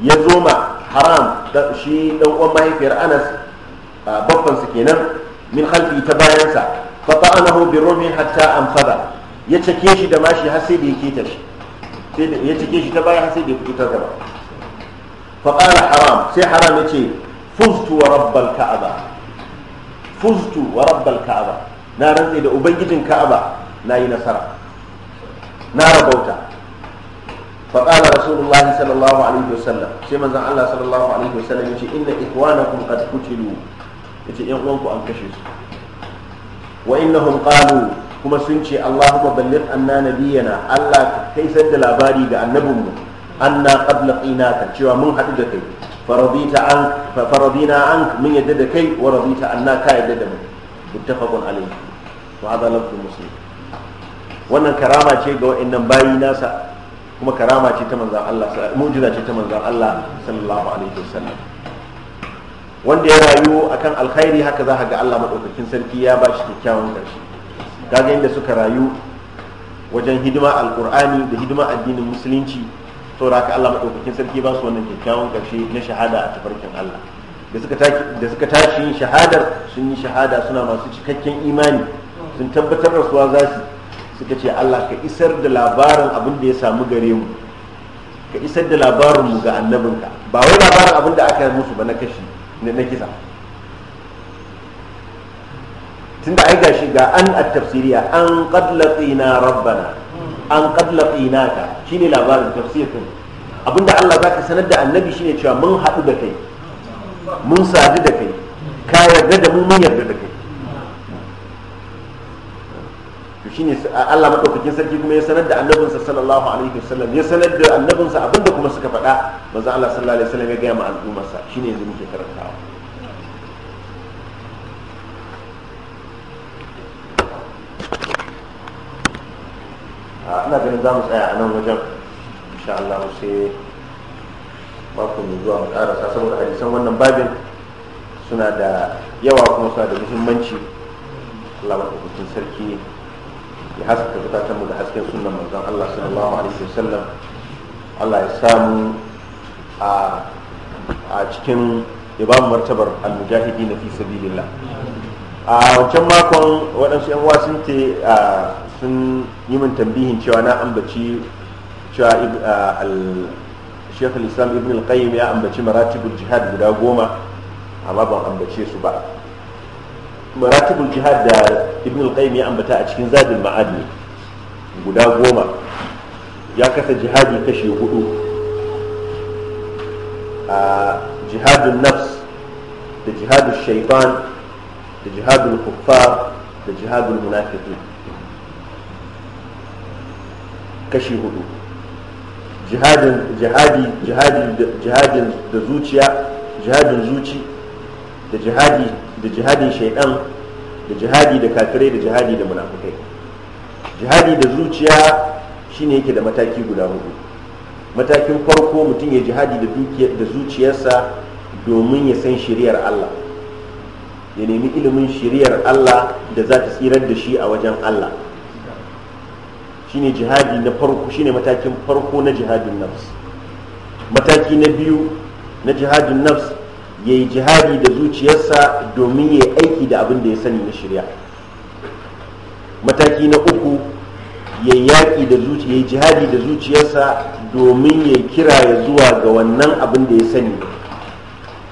ya zo ma haram da shi dan uwan mahaifiyar anas babban su kenan min khalfi ta bayan sa fa ta'anahu bi rumi hatta anfada ya cike shi da mashi har sai da ya keta shi sai da ya cike shi ta baya har sai da ya fito ta gaba fa qala haram sai haram yace fuztu wa rabbal ka'aba fuztu wa rabbal ka'aba na rantse da ubangijin ka'aba na yi nasara na rabauta faƙala rasulullahi sallallahu alaihi wasallam sai manzon Allah sallallahu alaihi wasallam yace inna ikhwanakum qad qutilu yace yan uwanku an kashe su wa innahum qalu kuma sun ce Allahumma balligh anna nabiyana Allah kai da labari ga annabinmu anna qad laqinaka cewa mun haɗu da kai faradita an faradina an mun yadda da kai wa radita anna ka yadda da mu muttafaqun alayhi wa hadha lafzu muslim wannan karama ce ga wa'annan bayi nasa kuma karama ce ta manzan Allah mu'jiza ce ta manzan Allah sallallahu alaihi wasallam wanda ya rayu kan alkhairi haka za a ga Allah madaukakin sarki ya ba shi kyakkyawan karshe kaga inda suka rayu wajen hidima Al-Ƙur'ani da hidima addinin musulunci saboda haka Allah madaukakin sarki ba su wannan kyakkyawan karshe na shahada a tafarkin Allah da suka tashi yin shahadar sun yi shahada suna masu cikakken imani sun tabbatar da suwa za su suka ce Allah ka isar da labarin abin da ya samu gare mu ka isar da labarin mu ga annabinka ba wai labarin abin da aka yi musu ba na kashi na kisa tunda ai gashi ga an at-tafsiriya an qad laqina rabbana an qad shine labarin tafsir din abinda Allah zaka sanar da annabi shine cewa mun haɗu da kai mun sadu da kai ka yarda da mu mun yarda da kai to shine Allah madaukakin sarki kuma ya sanar da annabinsa sallallahu alaihi wasallam ya sanar da annabinsa abinda kuma suka faɗa manzo Allah sallallahu alaihi wasallam ya ga ma al'ummarsa shine yanzu muke karantawa Ah, ina ganin za mu tsaya a nan wajen insha Allah sai mako mai zuwa mu karasa saboda hadisan wannan babin suna da yawa kuma suna da muhimmanci Allah madaukakin sarki ya haskaka zukatan mu da hasken sunan manzon Allah sallallahu alaihi wasallam Allah ya samu a a cikin ya ba mu martabar al-mujahidin fi sabilillah a wancan makon waɗansu 'yan wasu sun yi min tambihin cewa na ambaci cewa shekul islam ibn al-qayyim ya ambaci maratibul jihad guda goma amma ban ambace su ba maratibul jihad da ibn al-qayyim ya ambata a cikin zadin ma'ad ne guda goma ya kasa jihadi kashe hudu a jihadun nafs da jihadun shaitan da jihadun kuffar da jihadun munafiki kashi hudu jihadin jihadi jihadi jihadin da zuciya jihadin zuci da jihadi da jihadin shaidan da jihadi da kafirai da jihadi da munafukai jihadi da zuciya shine yake da mataki guda hudu matakin farko mutum ya jihadi da zuciyarsa domin ya san shiriyar Allah ya nemi ilimin shiriyar Allah da za ta tsirar da shi a wajen Allah shine jihadi na farko shine matakin farko na jihadin nafs mataki na biyu na jihadin nafs ya yi jihadi da zuciyarsa domin ya aiki da abin da ya sani na shirya mataki na uku ya yi jihadi da zuciyarsa domin ya kira ya zuwa ga wannan abin da ya sani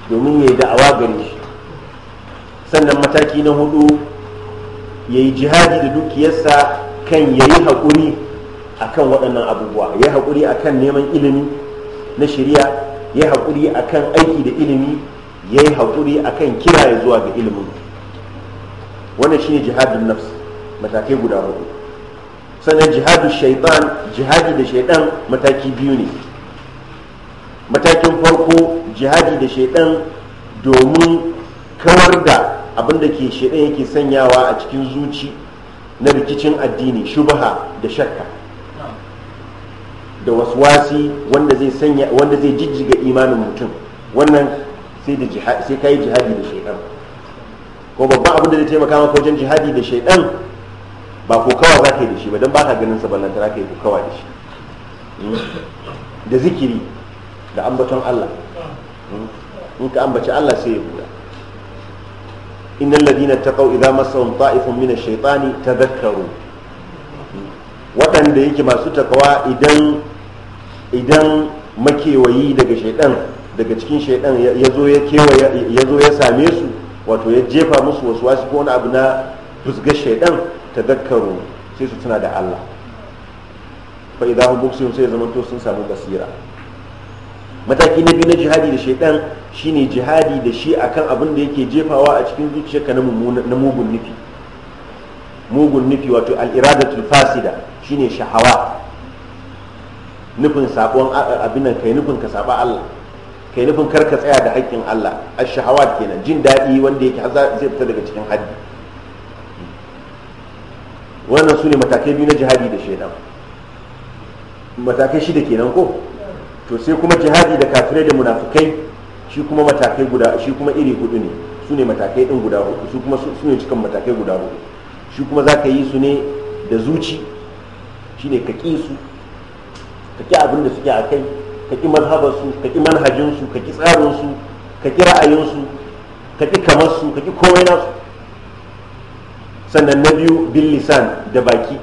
domin ya yi da'awa gare shi sannan mataki na hudu ya yi jihadi da dukiyarsa kan ya yi haƙuri a kan waɗannan abubuwa ya yi haƙuri a kan neman ilimi na shirya ya yi haƙuri a kan aiki da ilimi ya yi haƙuri a kan kira ya zuwa ga ilimin wannan shine jihadin nafs matakai guda hudu sannan jihadu shaitan jihadi da shaitan mataki biyu ne matakin farko jihadi da shaitan domin kawar da abin da ke shaitan yake sanyawa a cikin zuci na rikicin addini shubha da shakka da waswasi wanda zai sanya wanda zai jijjiga imanin mutum wannan sai da jihad sai kai jihadi da shaytan ko babba abin da zai taimaka maka wajen jihadi da shaytan ba ko kawa za ka yi da shi ba don ba ka ganin sa ballanta za yi ko kawa da shi hmm? da zikiri da ambaton Allah hmm? in ka ambaci Allah sai ya buɗa innal الذين اتقوا idza مسهم طائف من الشيطان تذكروا tadhakkaru waɗanda yake masu takawa idan idan makewayi daga shaidan daga cikin shaidan ya zo ya kewaye ya zo ya same su wato ya jefa musu wasu wasu ko wani abu na fusgar shaidan tadhakkaru sai su tuna da Allah fa idan hum sai zaman to sun samu basira mataki na biyu na jihadi da shaidan shine jihadi da shi akan abin da yake jefawa a cikin zuciyarka na mugun nufi mugun nufi wato Tufasida fasida shine shahawa nufin sabon abin nan kai nufin ka saba Allah kai nufin kar ka tsaya da haƙƙin Allah ash-shahawat kenan jin daɗi wanda yake zai fita daga cikin haddi wannan su ne matakai biyu na jihadi da shaidan matakai shida kenan ko to sai kuma jihadi da kafirai da munafikai shi kuma matakai guda shi kuma iri hudu ne su ne matakai din guda hudu su kuma su ne cikin matakai guda hudu shi kuma za ka yi su ne da zuci shi ne ka ƙi su ka ƙi abin da suke a kai ka ƙi su ka ƙi manhajinsu ka ƙi tsarinsu ka ƙi ra'ayinsu ka ƙi kamarsu ka ƙi komai nasu sannan na biyu bin lisan da baki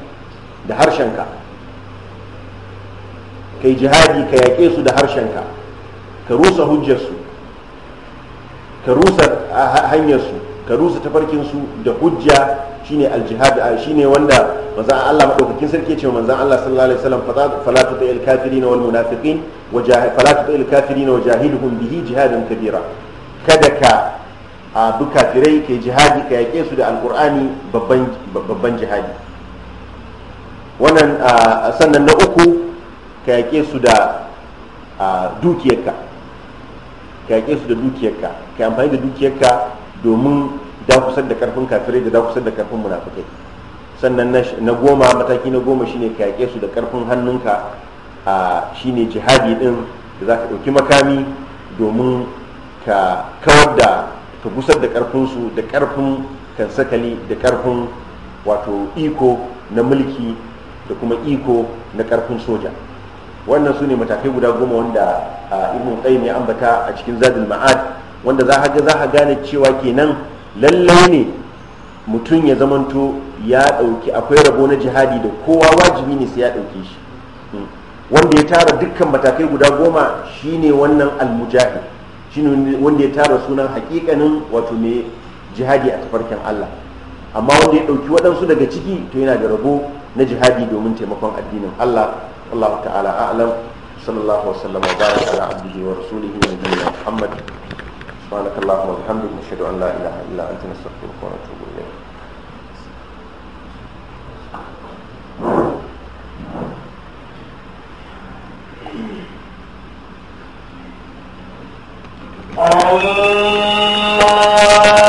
da harshenka kai jihadi ka yaƙe su da harshenka ka rusa hujjarsu ka rusa hanyarsu ka rusa tafarkinsu da hujja shine aljihad shine wanda manzon Allah madaukakin sarki ce manzon Allah sallallahu alaihi wasallam fala tuta il kafirin wal munafiqin wa fala tuta il kafirin wa jahidhum bihi jihadan kabira kada ka a duk kafirai ke jihadi ka yake su da alqur'ani babban babban jihadi wannan sannan na uku ka yaƙe su da dukiyarka ka yaƙe su da dukiyarka ka amfani da dukiyarka domin dakusar da karfin kafirai da dakusar da karfin munafikai sannan na goma mataki na goma shine ka yaƙe su da karfin hannunka a shine jihadi din da za ka ɗauki makami domin ka kawar da ka gusar da karfinsu da karfin kansakali da karfin wato iko na mulki da kuma iko na karfin soja wannan su ne matakai guda goma wanda ibn qayyim ya ambata a cikin zadul ma'ad wanda za ga za gane cewa kenan lallai ne mutum ya zamanto ya dauki akwai rabo na jihadi da kowa wajibi ne sai ya dauke shi hmm. wanda ya tara dukkan matakai guda goma shine wannan almujahid shine wanda ya tara sunan hakikanin wato mai jihadi a tafarkin Allah amma wanda ya dauki waɗansu daga ciki to yana da rabo na jihadi domin taimakon addinin Allah والله تعالى أعلم صلى الله وسلم وبارك على عبده ورسوله نبينا محمد سبحانك اللهم وبحمدك نشهد أن لا إله إلا أنت نستغفرك ونتوب إليك Oh